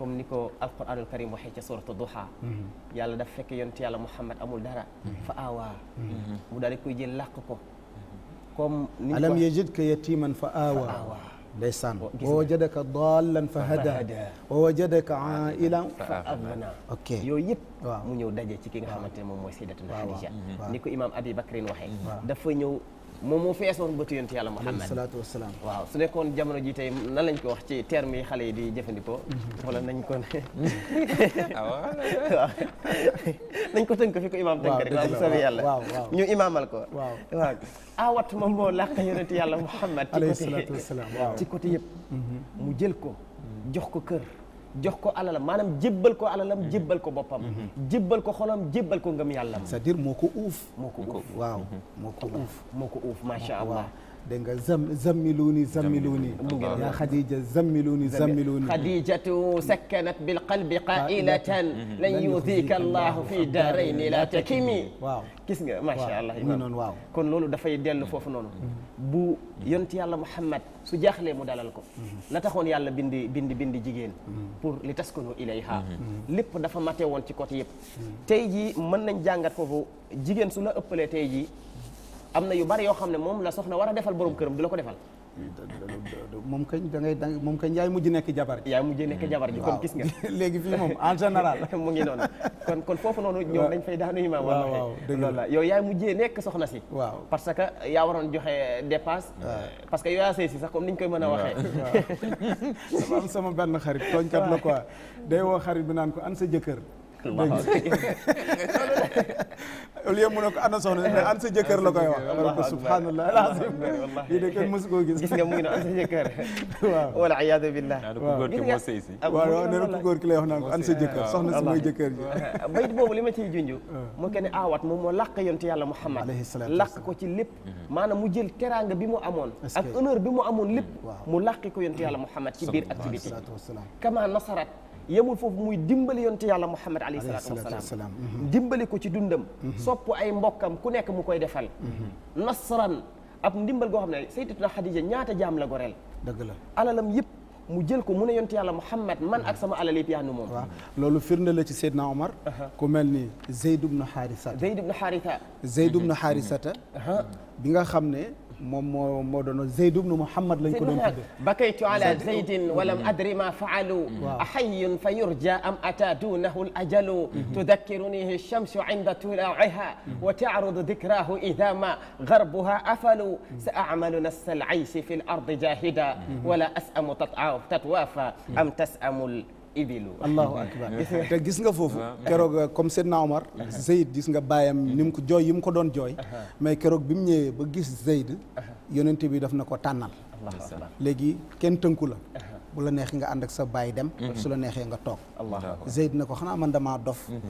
comme ni ko alquranul karim waxee ca suratu duha mhm. yàlla daf fekk yonent yàlla muhammad amul dara mhm. fa aawaa mhm. mu daal di koy jël làq ko comme ni alam yajidka yatiman fa aawaa ndeysaan wa wajadaka dallan fa hada wa wajadaka ailan fa agna ok yooyu yëpp waaw mu ñëw daje ki nga xamante ne moom mooy imam abi bakrin waxee dafa ñëw moom moo feesoon bëtu yonent yàlla Muhammad salaatu wasalaam waaw su nekkoon jamono ji tey na lañ ko wax ci terme yi xale yi di jëfandikoo wala nañ ko ah, waaw nañ ko tënk fi ko imaam tënk rek waaw soobee yàlla waaw ñu imaamal ko waaw waaw awat ah, moom moo làq yonent yàlla Muhammad ci côté ci yëpp mhm. mu jël ko mhm. jox ko kër jox ko alalam maanaam jébbal ko alalam mhm. jébbal ko boppam mhm. jébbal ko xolam jébbal ko ngëm yàllam c'est-à-dire moo ko uuf moo ko uuf waaw mhm. moo ko uuf moo ko uuf macha allah dégg nga zam zammiluni zammiluni yaa Khadija zammiluni zammiluni Khadijatu sakkanat bil qalbi qailatan lan yudika allahu fi daarayni la takimi waaw gis nga macha allah noonu waaw kon loolu dafay dellu foofu noonu mm-hmm. bu yont yàlla Muhammad su jaaxlee mu dalal ko mm-hmm. la taxoon yàlla bindi bindi bindi jigéen mm-hmm. pour li taskunu ilayha lépp dafa mate woon ci côté yëpp tey jii mën foofu jigéen su la ëppalee tey jii am na yu bari yoo xam ne moom la soxna war a defal borom kër la ko defal moom kañ da ngay dang moom kañ yaay mujj nekk jabar ji yaay mujj nekk jabar ji kon gis nga léegi fii moom en général mu ngi noonu kon kon foofu noonu ñoom dañ fay daanu imaam waaw loolu la yow yaay mujjee nekk soxna si waaw parce que yaa waroon joxe dépasse parce que yow yaa si sax comme niñ koy mën a waxee sama am sama benn xarit tooñkat la quoi day woo xarit bi naan ko an sa jëkkër au lieu mu ne ko ana soxna mais an sa jëkkër la koy wax alors que subhanallah alazim lii de kenn mësu koo gis gis nga mu ngi noonu an sa jëkkër waaw wala iyaadu billah waaw nee na ku góor ki lay wax naan ko an sa jëkkër soxna si mooy jëkkër ji bayit boobu li ma ciy junj moo kenn aawat moom moo làq yonte yàlla Muhammad làq ko ci lépp mhm. maanaam mu jël teraanga bi mu amoon ak honneur bi mu amoon lépp mu làqi ko yonte yàlla Muhammad ci biir activité kama nasarat yemul foofu muy dimbali yonte yàlla Muhammad alayhi salaatu wasalaam mhm. dimbali ko ci dundam mhm. sopp ay mbokkam ku nekk mu koy defal mhm. nasran ab ndimbal goo xam ne sayyidatuna Xadija ñaata jaam la goreel dëgg la alalam yëpp mu jël ko mu ne yonte yàlla Muhammad man ak sama alal yëpp yaa nu moom waaw loolu firnde la ci Seydina Omar ku mel ni Zeyd ibnu Xaarisata Zeyd ibnu Xaarisata Zeyd ibnu Xaarisata bi nga xam ne moom moo moo doon Zayd ibn Muhammad lañ ko doon tudde bakaytu ala zaydin walam adri ma faalu ahayyun fa yurja am ata dunahu al ajalu mhm. tudakkirunihi shamsu inda tulaiha mhm. wa tarudu dikrahu idha ma garbuha afalu mhm. sa amalu nassa al aysi fi l ardi jahida wala asamu tatwafa am tasamu ibilu allahu akbar te gis nga foofu keroog eh, comme Seydina Omar Zeyd gis nga bàyyam ni mu ko jooy yi mu ko doon jooy mais keroog bi mu ñëwee ba gis Zeyd yonent bi daf na ko tànnal léegi kenn tënku la bu la neex neexee nga ànd ak sa baay dem mhm. su la neexee nga toog Zeyd na ko xanaa man damaa dof mhm.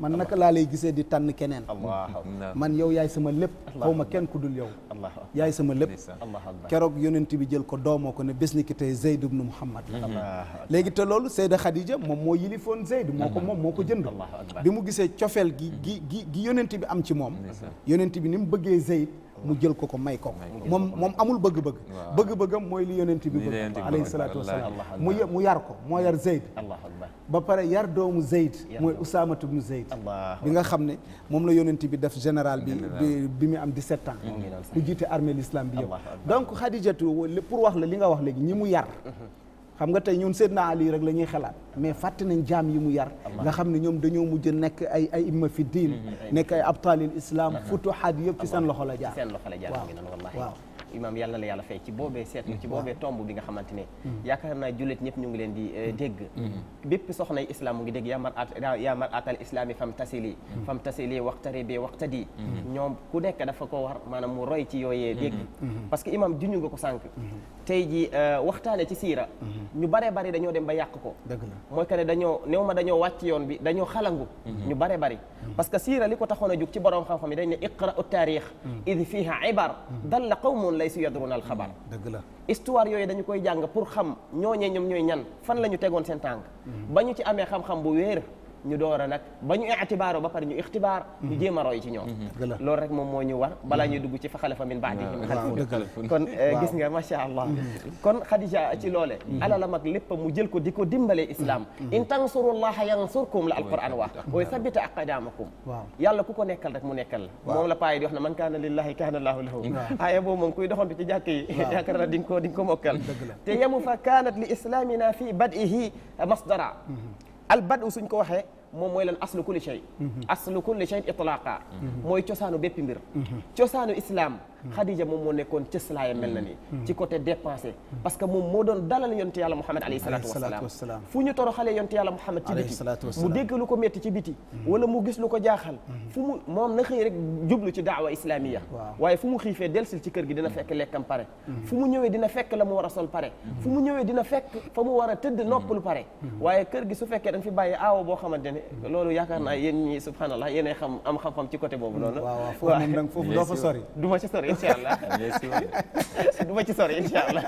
man naka laa lay gisee di tànn keneen mhm. man yow yaay sama lépp xaw ma kenn ku dul yow yaay sama lépp keroog yonent bi jël ko doomoo ko ne bés ni ki tey Zeyd ibnu Muhammad léegi te loolu Seyda Khadija moom moo yilifoon Zeyd moo ko moom moo ko jënd bi mu gisee cofeel gi gi gi gi yonent bi am ci moom yonent bi ni mu bëggee Zeyd mu jël ko ko may ko moom moom amul bëgg-bëgg bëgg-bëggam mooy li yonent bi bëgg alayhi salaatu mu mu yar ko moo yar Zayd ba pare yar doomu Zayd mooy Usaamatu bnu Zayd bi nga xam ne moom la yonent bi def général bi bi mu am 17 ans mu jiite armée l'islam bi yëpp donc Xadijatu pour wax la li nga wax léegi ñi mu yar mhm. xam nga tey ñun na Ali rek la ñuy xalaat mais fàtte nañ jaam yi mu yar nga xam ne ñoom dañoo mujj nekk ay ay imma fi diin mm-hmm, nekk ay abtaalil mm-hmm. islam mm-hmm. futuhaat yëpp ci seen loxo la jaar seen loxo la jaar ngi noonu wallahi waaw imaam yàlla na la yàlla fay ci boobee seetlu bi nga xamante ne yaakaar naa jullit ñëpp ñu ngi leen di eh, dégg bépp soxnay islam mu ngi dégg ya mar a yaa mar atal islaami fam tasili fam tasili waxtari bi waxtadi ñoom ku nekk dafa ko war maanaam mu roy ci yooyee dégg parce que imaam juñu nga ko sànq tey ji euh, waxtaane ci siira mhm. ñu bare bari dañoo dem ba yàq ko mooy que dañoo néew ma dañoo wàcc yoon bi dañoo xalangu mhm. ñu bare bari mhm. parce que siira li ko taxoon a jug ci borom xam-xam yi dañ ne iqra'u taarix id fiha ibar dalla qawmun laysu yadruna al xabar dëgg la histoire yooyu dañu koy jàng pour xam ñooñee ñoom ñooy ñan fan la ñu tegoon seen tànk ba ñu ci amee xam-xam bu wéer ñu door a ba ñu itibaaro ba pare ñu ixtibaar ñu mhm. jéem a roy ci ñoom mhm. loolu rek moom moo ñu war bala mhm. ñuy dugg ci fa xalafa min baadihim xalfun kon eh, gis nga macha allah kon Khadija ci loole alalam ak mu jël ko di ko dimbale islam in tansurullaha yansurkum la alquran wax wa yusabbita aqdamakum yàlla ku ko nekkal rek mu nekkal la moom la payi di wax na man kaana lillahi kaana lahu lahu aaya boobu moom kuy doxantu ci jàkk yi yaakaar ko mokkal te yemu al badu suñ ko waxee moom mooy lan aslu kulli shay mhm. aslu kulli shay itlaqa mhm. mooy cosaanu bépp mbir mhm. cosaanu islam Khadija moom moo nekkoon cëslaaya mel na ni hmm. ci côté dépensé hmm. parce que moom moo doon dalal yonte yàlla Muhammad alayhi salaatu wasalaam fu ñu toroxalee yonte yàlla Muhammad ci biti mu dégg lu ko metti ci biti hmm. wala mu gis lu ko jaaxal fu mu moom na xëy rek jublu ci daawa islamiya waaye fu mu xiifee delsil ci kër gi dina fekk lekkam pare fu mu ñëwee dina fekk la mu war a sol pare fu mu ñëwee dina fekk fa mu war a tëdd noppalu pare waaye kër gi su fekkee dañ fi bàyyi aawo boo xamante ne loolu yaakaar naa yéen ñi subhanallah yéenay xam am xam-xam ci côté boobu noonu waaw foofu moom danga foofu doo fa sori du ma ci sori incha allah du ma ci sori incha allah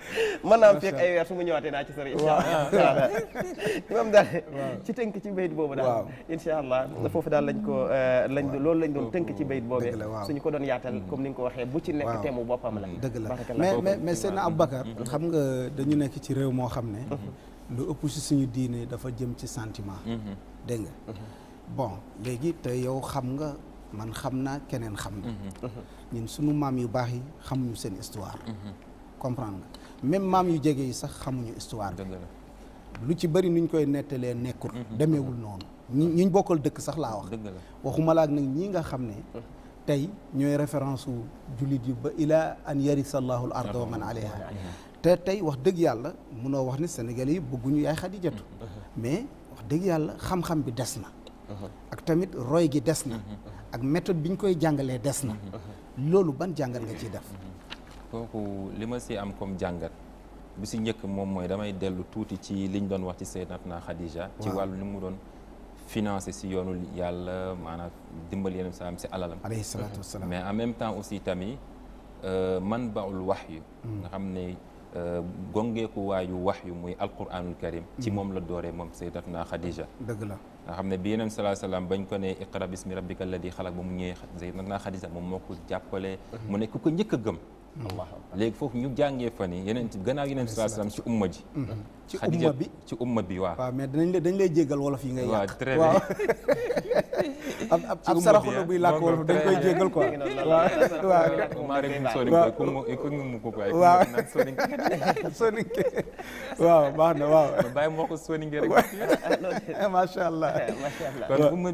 mën naa fekk ay weer su ma ñëwaatee naa ci sori incha allah imam daal ci tënk ci bayit boobu daal incha allah mm. foofu daal lañ ko euh, lañ loolu lañ doon mm. tënk ci bayit boobee suñu ko doon yaatal mm. comme ni nga ko waxee bu ci nekk teemu boppam la dëgg la mais mais Seydina Aboubacar mm-hmm. xam nga dañu nekk ci réew moo xam ne mm-hmm. lu ëpp si suñu diine dafa jëm ci sentiment mm-hmm. dégg bon léegi te yow xam nga man xam naa keneen xam na mhm. Mhm. ñun sunu maam yu baax yi xamuñu seen histoire mhm. comprendre nga même maam yu jege yi sax xamuñu histoire bi lu ci bëri nuñ koy nettalee nekkul demeewul noonu ñi ñiñ bokkal dëkk sax laa wax waxuma laak nag ñii nga xam ne tey ñooy référence wu jullit yu ba ilaa an yarisa allahu al arda te tey wax dëgg yàlla munoo wax ni sénégalais yi bëgguñu yaay xadijatu mais wax dëgg yàlla xam-xam bi des na ak tamit roy gi des na ak méthode bi ñu koy jàngalee des na mhm. loolu ban jàngal nga ciy def mhm. kooku li ma si am comme jàngat bu si njëkk moom mooy damay dellu tuuti ci liñ doon wax ci Sayyidatuna Khadija ci wàllu ni mu doon financé si yoonu yàlla maanaam dimbal yeneen sa si alalam alayhi salaatu mais en même temps aussi tamit euh, man baul wax yu mm. nga xam ne euh, gongeeku waayu wax yu muy alquranul karim ci mm. moom la dooree moom Sayyidatuna Khadija dëgg la nga xam ne bi yonent salaam bañ ko ne iqra bismi rabbika alladi xalaq ba mu ñëwee Seydina Xadija moom moo ko jàppale mm-hmm. mu ne ku ko njëkk a gëm léegi foofu ñu jàngee fa ni yeneen gannaaw yeneen salaam ci umma ji mhm. Mhm. ci umma bi ci umma bi waaw waaw mais danañ la dañ lay jéggal wolof yi ngay waa waaw très bien ab ab saraxu la ah. buy làkk wolof dañ koy jéggal quoi waaw waaw maa rek soninke ko koy waaw soninke soninke waaw allah macha allah kon umma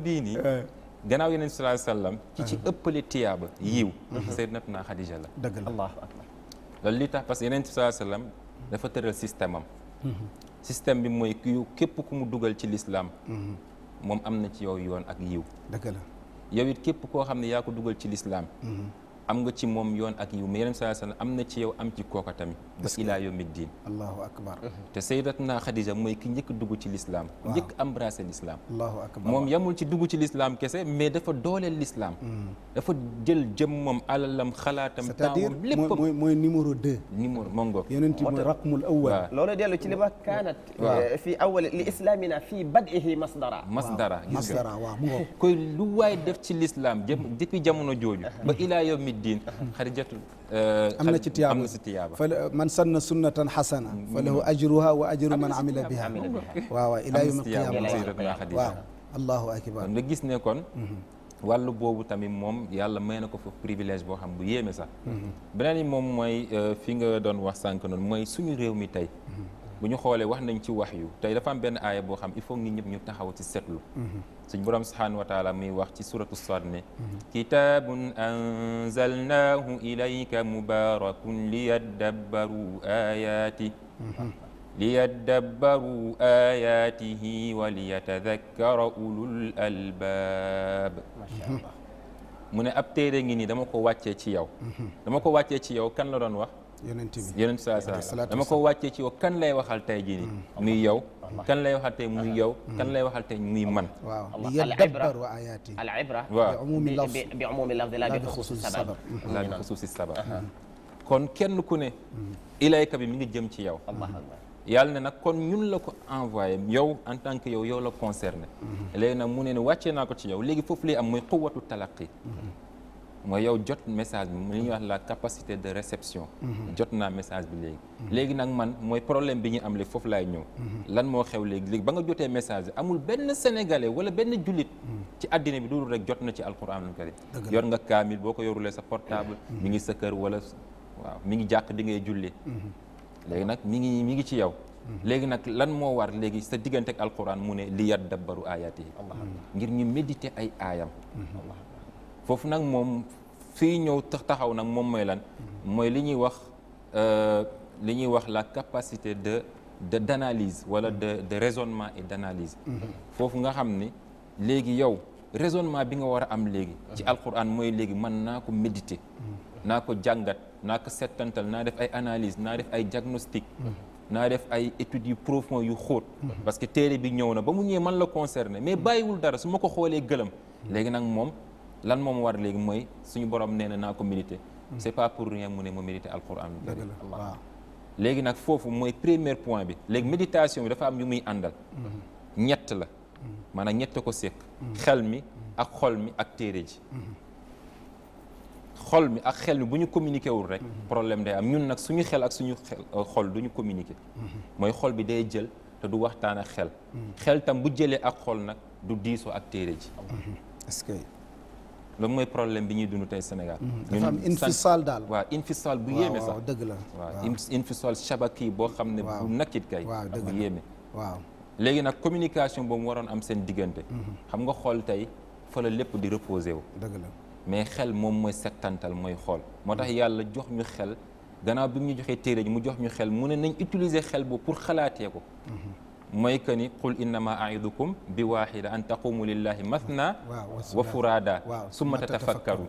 gannaaw yeneen sallallahu alayhi wasallam ci ci ëppale tiyaaba yiw sayyidatuna Xadija la dëgg la allahu loolu li tax parce que yeneen sallallahu alayhi wasallam dafa tëral système am système bi mooy ku képp ku mu dugal ci lislaam moom am na ci yow yoon ak yiw dëgg la yow it képp koo xam ne yaa ko dugal ci lislaam am nga ci moom yoon ak yiw mais yeneen saa am na ci yow am ci kooka tamit ba ilaa yawmi diin allahu akbar te sayyidatuna Khadija mooy ki njëkk dugg ci lislaam njëkk embrassé l'islam allahu moom yamul ci dugg ci lislaam kese mais dafa dooleel l'islam hmm. dafa jël jëmmam alalam xalaatam taawam léppam moy mooy de deux mongo moo ngoog yeneen ti mooy raqmul awwal loolu dellu ci li ma kaanat eh, fii awal li islamina fii badihi masdara masdara masdara waaw mu ngoog koy lu waay def ci l'islam depuis jamono jooju ba ilaa yawmi diin xarijatu am na eh, ci tiyaaba am na ci tiyaaba fa eh, man sanna sunnatan xasana fa lahu ajruha wa ajru man amila biha waaw waaw ilaa yawmi qiyaama waaw allahu akbar nga gis ne kon mhm. wàllu boobu tamit moom yàlla may na ko fa privilège boo xam bu yéeme sax mhm. beneen yi moom mooy eh, fi nga doon wax sànq noonu mooy suñu réew mi tey mhm. bu ñu xoolee wax nañ ci wax yu tey dafa am benn aaya boo xam il faut nit ñëpp ñu taxaw ci seetlu mhm. suñ borom subhaanahu wa taala muy wax ci suratu Saad ne mhm. kitaabun anzalnaahu ilayka mubaarakun liyaddabbaru aayaati mhm. liyadabbaru ayaatihi wa liyatadakkara ulul albaab mu ne ab téere ngi nii dama ko wàccee ci yow dama ko wàccee ci yow kan la doon wax yonent bi yonent saa saa dama ko wàccee ci yow kan lay waxal tey jii nii mm. muy yow kan lay waxal tey muy yow mm. kan lay waxal tey muy man waaw li yadabbaru ayaati al ibra waaw bi umumi lafdi la bi xusuusi sabab la bi xusuusi sabab kon kenn ku ne mm. ilayka bi mi ngi jëm ci yow yàlla ne nag kon ñun la ko envoyé yow en tant que yow yow la concerné mm-hmm. léegi nag mu ne ne wàccee naa ko ci yow léegi foofu lay am muy quwwatu talaqi mm-hmm. mooy yow jot message bi li ñuy wax la capacité de réception. Mhm. jot naa message bi léegi. Mhm. léegi nag man mooy problème bi ñu am léegi foofu laay ñëw. Mhm. lan moo xew léegi léegi ba nga jotee message amul benn sénégalais wala benn julit ci àddina bi loolu rek jot na ci alxuraanul karim yor nga kaamil boo ko sa portable. mi ngi sa kër wala waaw mi ngi jàkk dingay julli. léegi nag mi ngi mi ngi ci yow. léegi nag lan moo war léegi sa diggante ak alxuraan mu ne li yadabbaru aayaati. ngir ñi méditer ay aayam. foofu nag moom fii ñëw taxaw nag moom mooy lan mooy li ñuy wax euh, li ñuy wax la capacité de de d'analyse wala de de raisonnement et d'analyse foofu nga xam ni léegi yow raisonnement bi nga war a am léegi ci alquran mooy léegi man naa ko médité naa ko jàngat naa ko settantal naa def ay analyse naa def ay diagnostic naa def ay études yu profond yu xoot parce que téere bi ñëw na ba mu ñëwee man la concerné mais bàyyiwul dara su ma ko xoolee gëlëm léegi nag moom lan moom war léegi mooy suñu borom nee na naa communité méditer hmm. c'est pas pour rien mu ne ma méditer alquran waaw léegi nag foofu mooy premier point bi léegi méditation bi dafa am yu muy àndal hmm. ñett la hmm. maanaam ñett ko séq xel mi ak xol mi ak téere ji xol mi ak xel mi bu ñu communiqué wul rek problème day am ñun nag suñu xel ak suñu xel euh, xol du ñu mooy xol bi day jël te du waxtaan ak xel xel tam bu jëlee ak xol nag du diisoo ak téere ji que loolu mooy problème bi ñuy dund tey Sénégal. Mhm. dafa am infisal daal. waaw infisal bu yéeme sax waaw dëgg la. waaw infisal shabaki boo xam ne. bu nakkit kay. waaw dëgg la bu yéeme. waaw léegi nag communication boobu waroon am seen diggante. Mhm. xam nga xool tey fa lépp di reposé wu. dëgg la mais xel moom mooy settantal mooy xool. moo tax mhm. yàlla jox ñu xel gannaaw bi mu ñu joxee téere ji mu jox ñu xel mu ne nañ utiliser xel boobu pour xalaatee ko. mooy que ni qul innama aidukum bi waaxida an taqumu lillahi mathna wa furaada summa tatafakkaru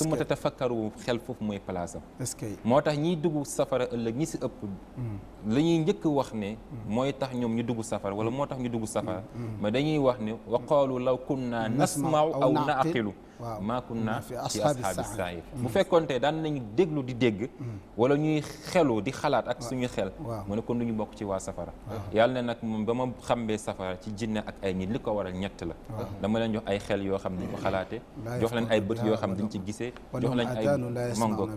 summa tatafakkaru xel foofu mooy place am moo tax ñiy dugg safara ëllëg ñi si ëpp mm. la ñuy njëkk wax ne mm. mooy tax ñoom ñu dugg safara wala moo tax ñu dugg safara mm. mais dañuy wax ne wa qaalu law kunna nasmau aw naaqilu maakunna fi ashaabi sair mm. bu fekkoonte daan nañu déglu di dégg mm. wala ñuy xelu di xalaat ak suñu xel mu ne kon ñu bokk ci waa safara yàlla ne nag moom ba ma xambee safara ci jinne ak ay nit li ko waral ñett la dama leen jox ay xel yoo xam ne ko mm. xalaate jox leen ay bët yoo xam duñ ci gisee jox leen ay mangoog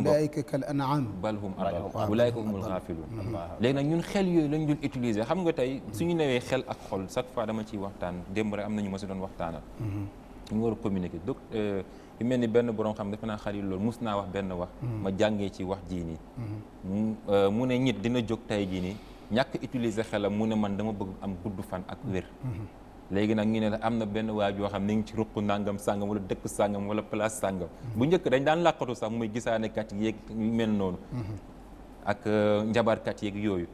ulaayka kal an'am bal hum adall ulaayka humul gaafiluun mm-hmm. léegi nag ñun xel yooyu lañ dul utiliser xam nga tey suñu newee xel ak xol chaque fois dama ciy waxtaan démb rek am nañu ma si doon waxtaanal mm-hmm. ñu war a communiquer donc euh, yu mel ni benn borom xam dafa naa xarit loolu mus naa wax benn wax. Mm-hmm. ma jàngee ci wax jii nii. Mm-hmm. Euh, mu ne nit dina jóg tey jii nii ñàkk utiliser xelam mu ne man dama bëgg am gudd fan ak wér. Mm-hmm. léegi nag ñu ne la am na benn waay yoo xam ni ngi ci ruq nangam sàngam wala dëkk sàngam wala place sàngam. bu njëkk dañ daan làqatu sax muy gisaane kat yeeg yu mel noonu. ak euh, njabarkat yeeg yooyu.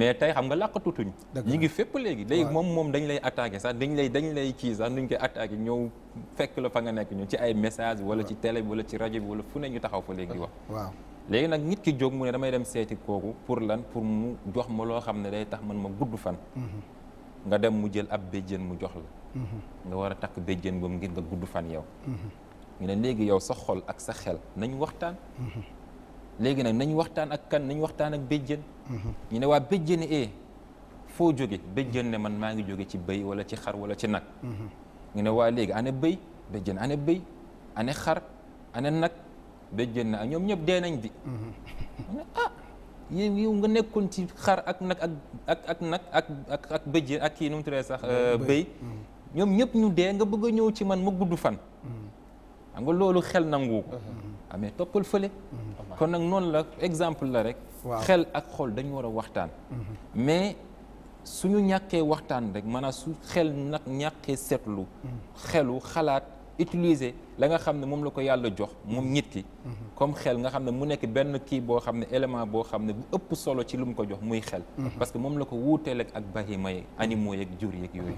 mais tey xam nga làqatutuñ ñi ngi fépp léegi léegi moom moom dañu lay attaqué sax dañ lay dañ lay kii sax nuñ koy attaqué ñëw fekk la fa nga nekk ñu ci ay message wala ci télé bi wala ci rajo bi wala fu ne ñu taxaw fa léegi di waaw léegi nag nit ki jóg mu ne damay dem seeti kooku pour lan pour mu jox ma loo xam ne day tax man ma gudd fan mhm. nga dem mu jël ab béjjén mu jox la mhm. nga war a takk béjjén boobu ngir nga gudd fan yow mhm. ñu ne léegi yow sa xol ak sa xel nañ waxtaan léegi nag nañ waxtaan ak kan nañ waxtaan ak béjjën mm-hmm. ñu ne waa béjjën e eh, foo jóge béjjën ne man maa ngi jóge ci bëy wala ci xar wala ci nag mm-hmm. ñu ne waa léegi ana bëy béjjën ana bëy ana xar ana nag béjjën na ak ah, ñoom ñëpp dee nañ bi mm-hmm. ah yow nga nekkoon ci xar ak nag ak ak ak nag ak ak ak kii nu mu tuddee sax bëy euh, ñoom ñëpp ñu dee nga bëgg a ñëw ci man ma gudd fan xam nga loolu xel nangu ko amee ah, toppal fële kon nag noonu la exemple la rek. xel ak xol dañu war a waxtaan. mais suñu ñàkkee waxtaan rek maanaam su xel nag ñàkkee seetlu. xelu xalaat utiliser la nga xam ne moom la ko yàlla jox moom nit comme xel nga xam ne mu nekk benn kii boo xam ne élément boo xam ne bu ëpp solo ci lu mu ko jox muy xel. Mhm. parce que moom la ko wuuteeleeg ak bahima yeeg animaux yeeg jur yeeg yooyu.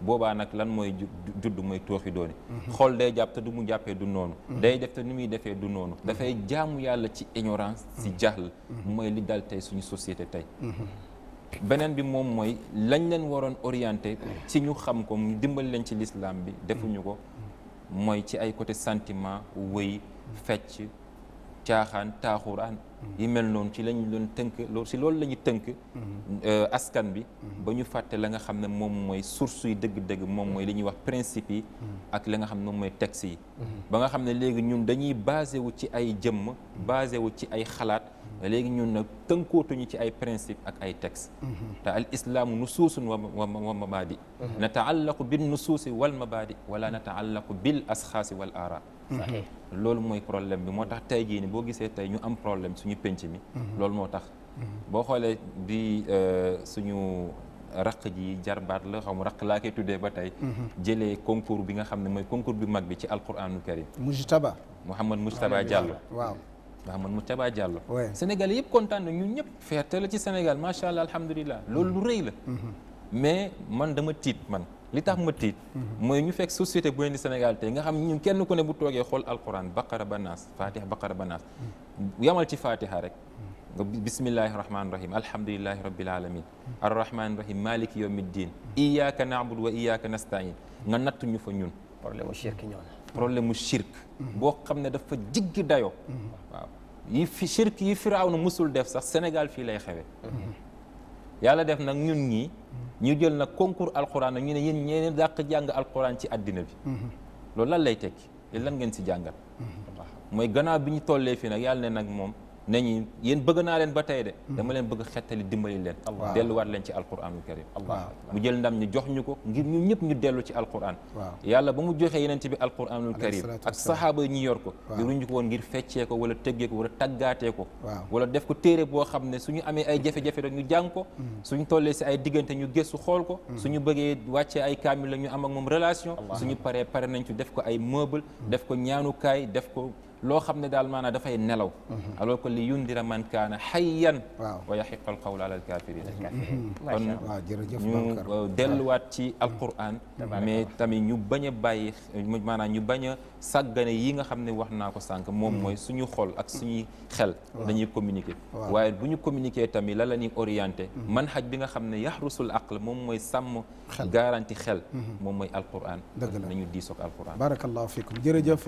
boobaa nag lan mooy judd mooy tooxi dooni xool day jàpp te du mu jàppee du noonu day def te ni muy defee du noonu dafay jaamu yàlla ci ignorance si jaxl mooy li dal tey suñu société tey beneen bi moom mooy lañ leen waroon orienté ci ñu xam ko mu dimbali leen ci lislaam bi defuñu ko mooy ci ay côté sentiment wëy fecc caaxaan taaxuraan yi mel noonu ci lañ doon tënk loolu si loolu la ñu tënk euh, askan bi ba ñu fàtte la nga xam ne moom mooy source yi dëgg-dëgg moom mooy li ñuy wax principe yi ak la nga xam ne moom mooy texte yi mm-hmm. ba nga xam ne léegi ñun dañuy basé wu ci ay jëmm basé wu ci ay xalaat léegi ñun na tënkootuñu ci ay principe ak ay texte te al islaamu nusuusun wa mabaadi mhm. nataallaqu bin nusuusi wal mabaadi wala nataallaqu bil asxaasi wal aara loolu mooy problème bi moo tax tey jii ni boo gisee tey ñu am problème suñu penc mi mhm. loolu moo tax mhm. boo xoolee bi euh, suñu raq ji jarbaat la xaw ma raq laa koy tuddee ba tey jëlee concours bi nga xam ne mooy concours bi mag bi ci alquraanul karim Mujtaba Mouhamad Mujtaba Diallo waaw ndax man Moustapha Diallo Sénégal yëpp kontaan na ñun ñëpp fierté la ci Sénégal macha allah alhamdulilah loolu lu rëy la mhm. mais man dama tiit man li tax ma tiit mhm. mooy ñu fekk société bu leen di Sénégal tey nga xam ñun kenn ku ne bu toogee xool alquran baqara banaas fatiha baqara banaas mhm. yamal ci fatiha rek nga bismillahi rahmaani rahim alhamdulilahi rabbil alamin arrahmaani rahim maliki yawmiddin iyyaka na'budu wa iyyaka nasta'in nga nattuñu fa ñun problème shirk ñëw problème mu shirk boo xam ne dafa jiggi dayoo waaw yi fi shirk yi firaaw na mosul def sax Sénégal fii lay xewe yàlla def nag ñun ñi ñu jël nag concours alquran nag ñu ne ñeen dàq jàng alquran ci àddina bi loolu lan lay tekki lan ngeen si jàngat mm-hmm. waaw mooy gannaaw bi ñu tollee fii nag yàlla ne nag moom ne ñu yéen bëgg naa leen ba tey de hmm. dama leen bëgg xettali dimbali leen delluwaat leen ci alquranul karim mu jël ndam ñu jox ñu ko ngir ñu ñëpp ñu dellu ci alquran yàlla ba mu joxee yeneen ci bi alquranul karim ak sahaaba yi ñu yor ko yoruñu ko woon ngir feccee ko wala tëggee ko wala taggaatee ko wala def ko téere boo xam ne suñu amee ay jafe-jafe rek ñu jàng ko hmm. suñu tollee si ay diggante ñu gëstu xool ko hmm. suñu bëggee wàccee ay kaamil la ñu am ak moom relation suñu paree pare nañ ci def ko ay meuble def ko ñaanukaay def ko loo xam ne daal maanaam dafay nelaw mhm. alors que li yundira man kaana xayyan wa yaxiqa alqawlu ala alkafirina mhm. kon mhm. ñu delluwaat ci alquran mais tamit ñu bañ a bàyyi maanaam ñu bañ a sàggane yi nga xam ne wax naa ko sànq moom mooy suñu xol ak suñuy xel dañuy communiquer waaye bu ñu communiquer tamit la la ñuy orienté man xaj bi nga xam ne yaxrusul aql moom mooy sàmm garanti xel moom mooy alquran nañu diisoog alquran barakallahu fikum jërëjëf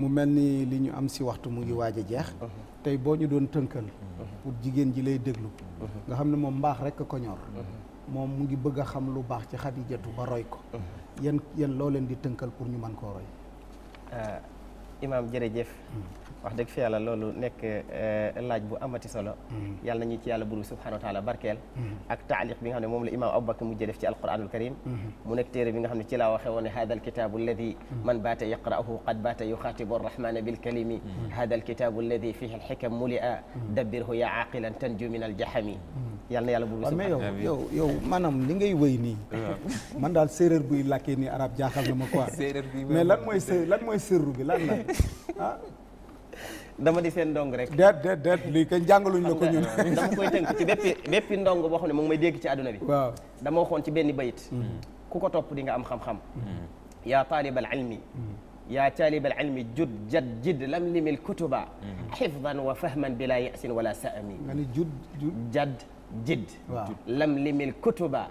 mu mel ni li ñu am si waxtu mu ngi waaj jeex uh-huh. tey boo ñu doon tënkal uh-huh. pour jigéen ji lay déglu uh-huh. nga xam ne moom mbaax rekk ko ñor moom mu ngi bëgg a xam lu baax ci Xadijatu ba roy ko yan yan loo leen di tënkal pour ñu mën koo roy uh, imaam jërëjëf hmm. wax dëgg fi yàlla loolu nekk euh, laaj bu amati solo mm-hmm. yàlla nañu ci yàlla buru subhanahu wa taala barkeel mm-hmm. ak taaliq bi nga xam ne moom la imaam aboubacar mujjee def ci alquranul karim mm-hmm. mu nekk téere bi nga xam ne ci laa waxee woon ne hada alkitabu alladi man baata yaqra'uhu qad baata yuxaatibu arrahmana bilkalimi hada alkitabu alladi fihi alxikam mulia dabbirhu ya aqilan tanju min aljahami yàlla na yàlla buru mais yow yow yow maanaam li ngay wéy nii man daal séeréer buy làkkee nii arab jaaxal na ma quoi mais lan mooy lan mooy sirru bi lan ah? dama di seen ndong rek. déet déet déet lii kañ jàngaluñ la ko ñun. dama koy tënk ci béppi béppi ndong boo xam ne moom may dégg ci àdduna bi. dama waxoon ci benn bayit. ku ko topp di nga am xam-xam. Mm-hmm. yaa taalibal ilmi. Mm-hmm. yaa taalibal ilmi jud jad jid lam limil kutuba. Mm-hmm. xifdan wa fahman bila yaasin wala saami. nga ni jud jad. jidd lam limil kutuba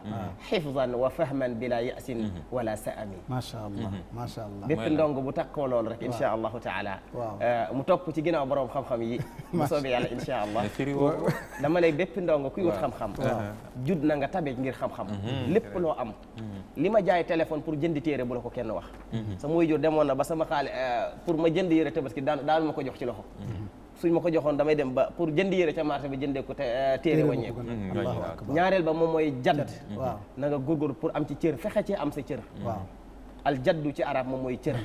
xifdan mm-hmm. ah. wa fahman bila yasin mm-hmm. wala saami macha allah mm-hmm. macha allah bépp ndong bu takkoo loolu rek insha allahu taala eh, mu topp ci ginnaaw borom xam-xam yi bu soobee yàlla insha allah dama lay bépp ndong kuy wut xam-xam judd na nga tabe ngir xam-xam lépp loo am li ma jaay téléphone pour jëndi téere bu la ko kenn wax sama waajur demoon na ba sama xaal eh, pour ma jënd yére tabaski daan daanu ma ko jox ci loxo suñ ma ko joxoon damay dem ba pour jënd yére ca marché ba jëndee ko te euh, téere wàññeeku mm, ñaareel ba moom mooy jadd mm-hmm. waaw mm-hmm. na nga góorgóor pour am ci cër fexe ci am sa cër mm-hmm. waaw al jaddu ci araat moom mooy cër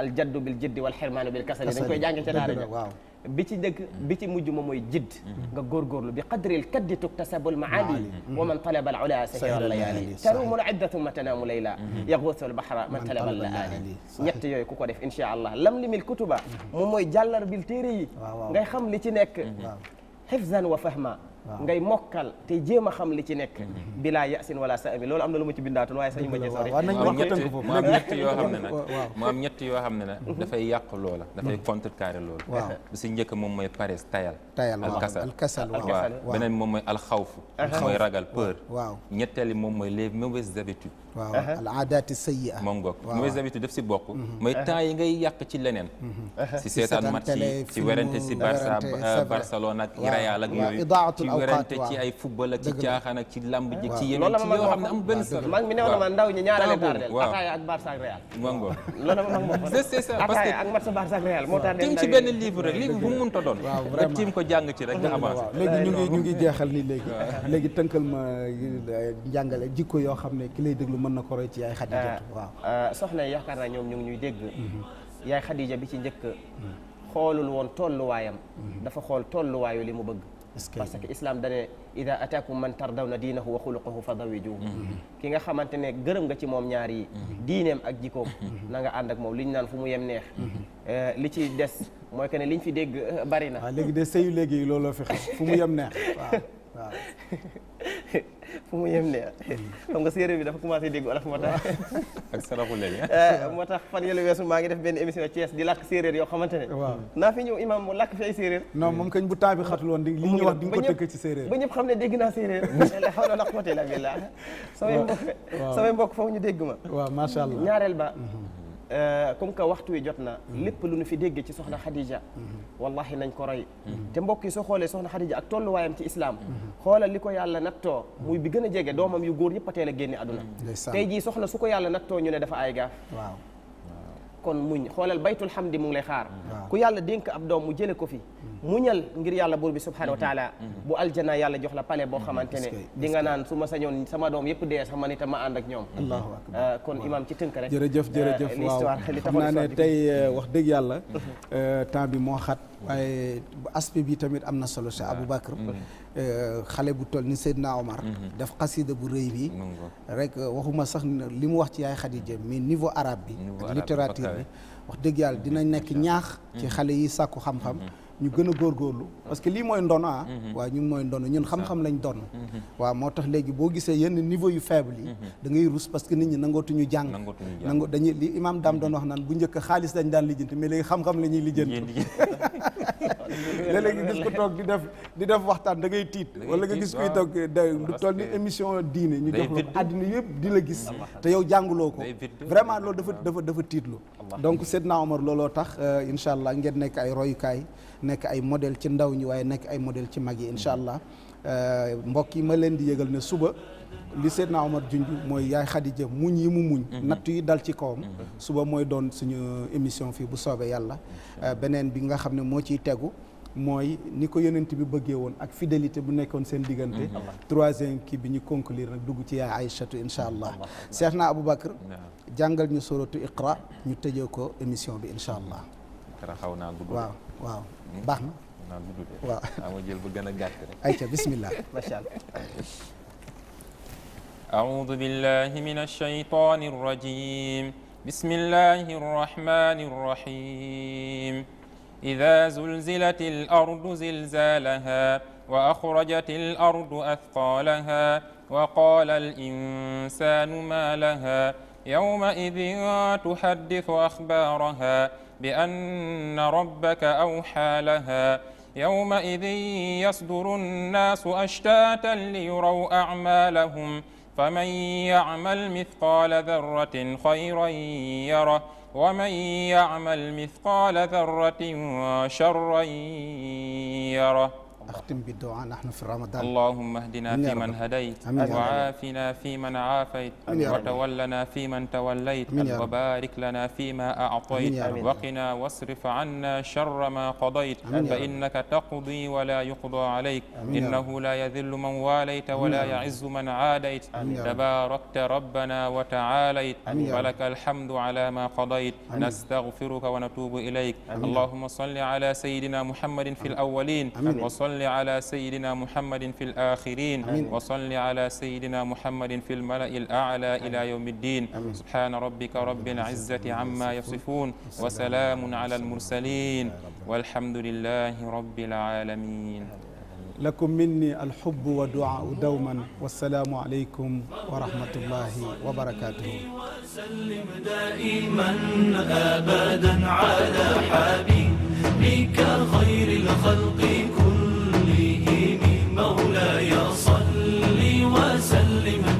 al jaddu bil jiddi wal xirmaanu bil kasali dañ koy jàngee ca daara waaw bi ci dëgg bi ci mujj moom mooy jidd mhm. nga góorgóorlu bi qadril kaddi tuktasabul maali mhm. wa man talaba al ula sahira layali tarumu al iddatu ma tanaamu layla mhm. yaguusu al bahra man talaba al aali ñett yooyu ku ko def insha allah lam limil kutuba moom mooy jàllar bil téere yi ngay xam li ci nekk xifzan wa fahma ngay mokkal te jéem a xam li ci nekk bila yasin wala sa ami loolu am na lu ma ci bindaatoon waaye sañu ma ci sori waaw nañ wax ko tënk foofu mu am ñett yoo xam ne nag mu am ñett yoo xam ne nag mhm. dafay yàq loola dafay mhm. contrecarrer loola bi si njëkk moom mooy pares tayal tayal alkasal alkasal waaw beneen moom mooy alxawfu mooy ragal peur waaw ñetteeli moom mooy les mauvaises habitudes waaw uh-huh. al aadati sayyi moom ngoog si bokk mhm. mooy uh-huh. temps yi ngay yàq ci leneen si seetaan match yi si werante si Barça euh, Barcelone ak Real ak yooyu werante ci ay football ak ci caaxaan ak ci lamb ji ci yeneen benn na ma ndaw ñi ñaarale tardel ataaya ak Barça ak Real mango loolu ma mag moom c'est ça parce que moo tardel tim ci benn livre rek livre bu mu mënta doon tiim ko jàng ci rek nga avancé léegi ñu ngi ñu ngi jeexal ni léegi léegi tënkal ma euh, njàngale jikko yoo xam ne ki lay lu mën na ko roy ci ay xadijatu ah, waaw euh, soxna yi yaakaar naa ñoom ñu ngi ñuy dégg mm-hmm. yaay xadija bi ci njëkk mm-hmm. xoolul woon tolluwaayam mm-hmm. dafa xool tolluwaayu li mu bëgg parce que islam dane ida ataakum man tardawna diinahu wa xuluqahu fa dawijuhu mm-hmm. mm-hmm. ki nga xamante ne gërëm nga ci moom ñaar yi mm-hmm. diineem ak jikkoom na nga ànd ak moom li ñu naan fu mu yem neex eh, li ci des mooy que ne liñ fi dégg eh, bari na waaw ah, léegi de sëyu léegi looloo fi xam fu mu yem neex waaw waaw fu mu yem ne xam nga séeréer bi dafa commencé dégg wala ma tax ak saraxu léegi eh, moo tax fan yële weesu maa ngi def benn émission Thiès di làkk séeréer yoo xamante ne waaw naa fi ñëw imam mu làkk fi ay séeréer non moom kañ bu temps bi xatul woon li ñuy wax di ko tëkk ci séeréer ba ñëpp xam ne dégg naa séeréer la xaw na naqotee la billa samay mbokk samay mbokk foofu ñu dégg ma waa macha allah ñaareel ba mhm. Euh, comme que waxtu wi jot na mm-hmm. lépp lu ñu fi dégg ci soxna Khadija mm-hmm. wallahi nañ ko roy mm-hmm. te mbokk yi soo xoolee soxna Khadija ak tolluwaayam ci islaam xoolal li ko yàlla nattoo muy bi gën a jege doomam yu góor yëpp a teel a génne aduna tey jii soxna su ko yàlla nattoo ñu ne dafa ay gaaf kon muñ xoolal baytul di mu ngi lay xaar mm-hmm. ku yàlla dénk ab doom mu jële ko fi mm-hmm. muñal ngir yàlla buur bi subhanahu wa mm-hmm. taala bu aljana yàlla jox la pale boo xamante ne di nga naan su ma sañoon sama doom yëpp dee a sax man itam ma ànd ak ñoom allahu euh, kon imam ci tënk rek jërëjëf jërëjëf euh, waaw xam naa ne tey euh, wax dëgg yàlla temps bi moo xat waaye aspect bi tamit am na solo si Cheikh ah. Aboubacar mm-hmm. euh, xale bu toll ni Seydina Omar mm-hmm. def xasida bu rëy bi rek euh, waxuma sax li mu wax ci yaay Xadija mais niveau arabe bi ak littérature bi wax dëgg yàlla dina nekk ñaax mm-hmm. ci xale yi sàkku xam-xam ñu gën a góorgóorlu parce que lii mooy ndono ah mhm. waa ñun mooy ndono ñun xam-xam lañ doon mhm. waaw moo tax léegi boo gisee yenn niveau yu faible yi mhm. dangay ruus parce que nit ñi nangootuñu jàng nango dañuy li imam daam doon wax naan bu njëkk xaalis dañ daan lijjanti mais léegi xam-xam la ñuy lijjanti léeg-léeg gis ko toog di def di def waxtaan da ngay tiit wala nga gis kuy toog du toll ni émission diine ñu jox la àddina yëpp di la gis te yow jànguloo ko vraiment loolu dafa dafa dafa tiitlu donc Seydina Omar looloo tax euh, incha allah ngeen nekk ay modèle ci ndaw ñi waaye nekk ay modèle ci mag yi incha allah euh, mbokk yi ma leen di yëgal ne suba li Seydina Omar junj mooy yaay Xadija muñ yi mu muñ mhm. natt yi dal ci kawam mhm. suba mooy doon suñu émission fii bu soobee yàlla euh, beneen bi nga xam ne moo ciy tegu mooy ni ko yonent bi bëggee woon ak fidélité bu nekkoon seen diggante mhm. troisième kii bi ñu conclure nag dugg ci yaay Aïchatu incha allah seex naa Aboubacar jàngal ñu suratu iqra ñu tëjee ko émission bi incha allah xaw naa baax na. naan bu tuddee waaw waaw ma jël bu gën a gàtt rek. ayca bismillah macha allah. أعوذ بالله من الشيطان الرجيم بسم الله الرحمن الرحيم إذا زلزلت الأرض زلزالها وأخرجت الأرض أثقالها وقال الإنسان ما لها يومئذ تحدث أخبارها بأن ربك أوحى لها يومئذ يصدر الناس أشتاتا ليروا أعمالهم فمن يعمل مثقال ذرة خيرا يره ومن يعمل مثقال ذرة شرا يره أختم بالدعاء نحن في رمضان اللهم اهدنا فيمن هديت وعافنا فيمن عافيت وتولنا فيمن توليت وبارك لنا فيما أعطيت وقنا واصرف عنا شر ما قضيت فإنك تقضي ولا يقضى عليك إنه لا يذل من واليت ولا يعز من عاديت تباركت ربنا وتعاليت ولك الحمد على ما قضيت نستغفرك ونتوب إليك اللهم صل على سيدنا محمد في الأولين وصل وصل على سيدنا محمد في الآخرين آمين. وصل على سيدنا محمد في الملأ الأعلى آمين. إلى يوم الدين آمين. سبحان ربك رب العزة عما يصفون وسلام على المرسلين والحمد لله رب العالمين لكم مني الحب ودعاء دوما والسلام عليكم ورحمة الله وبركاته وسلم دائما أبدا على حبيبك خير الخلق مولاي صل وسلم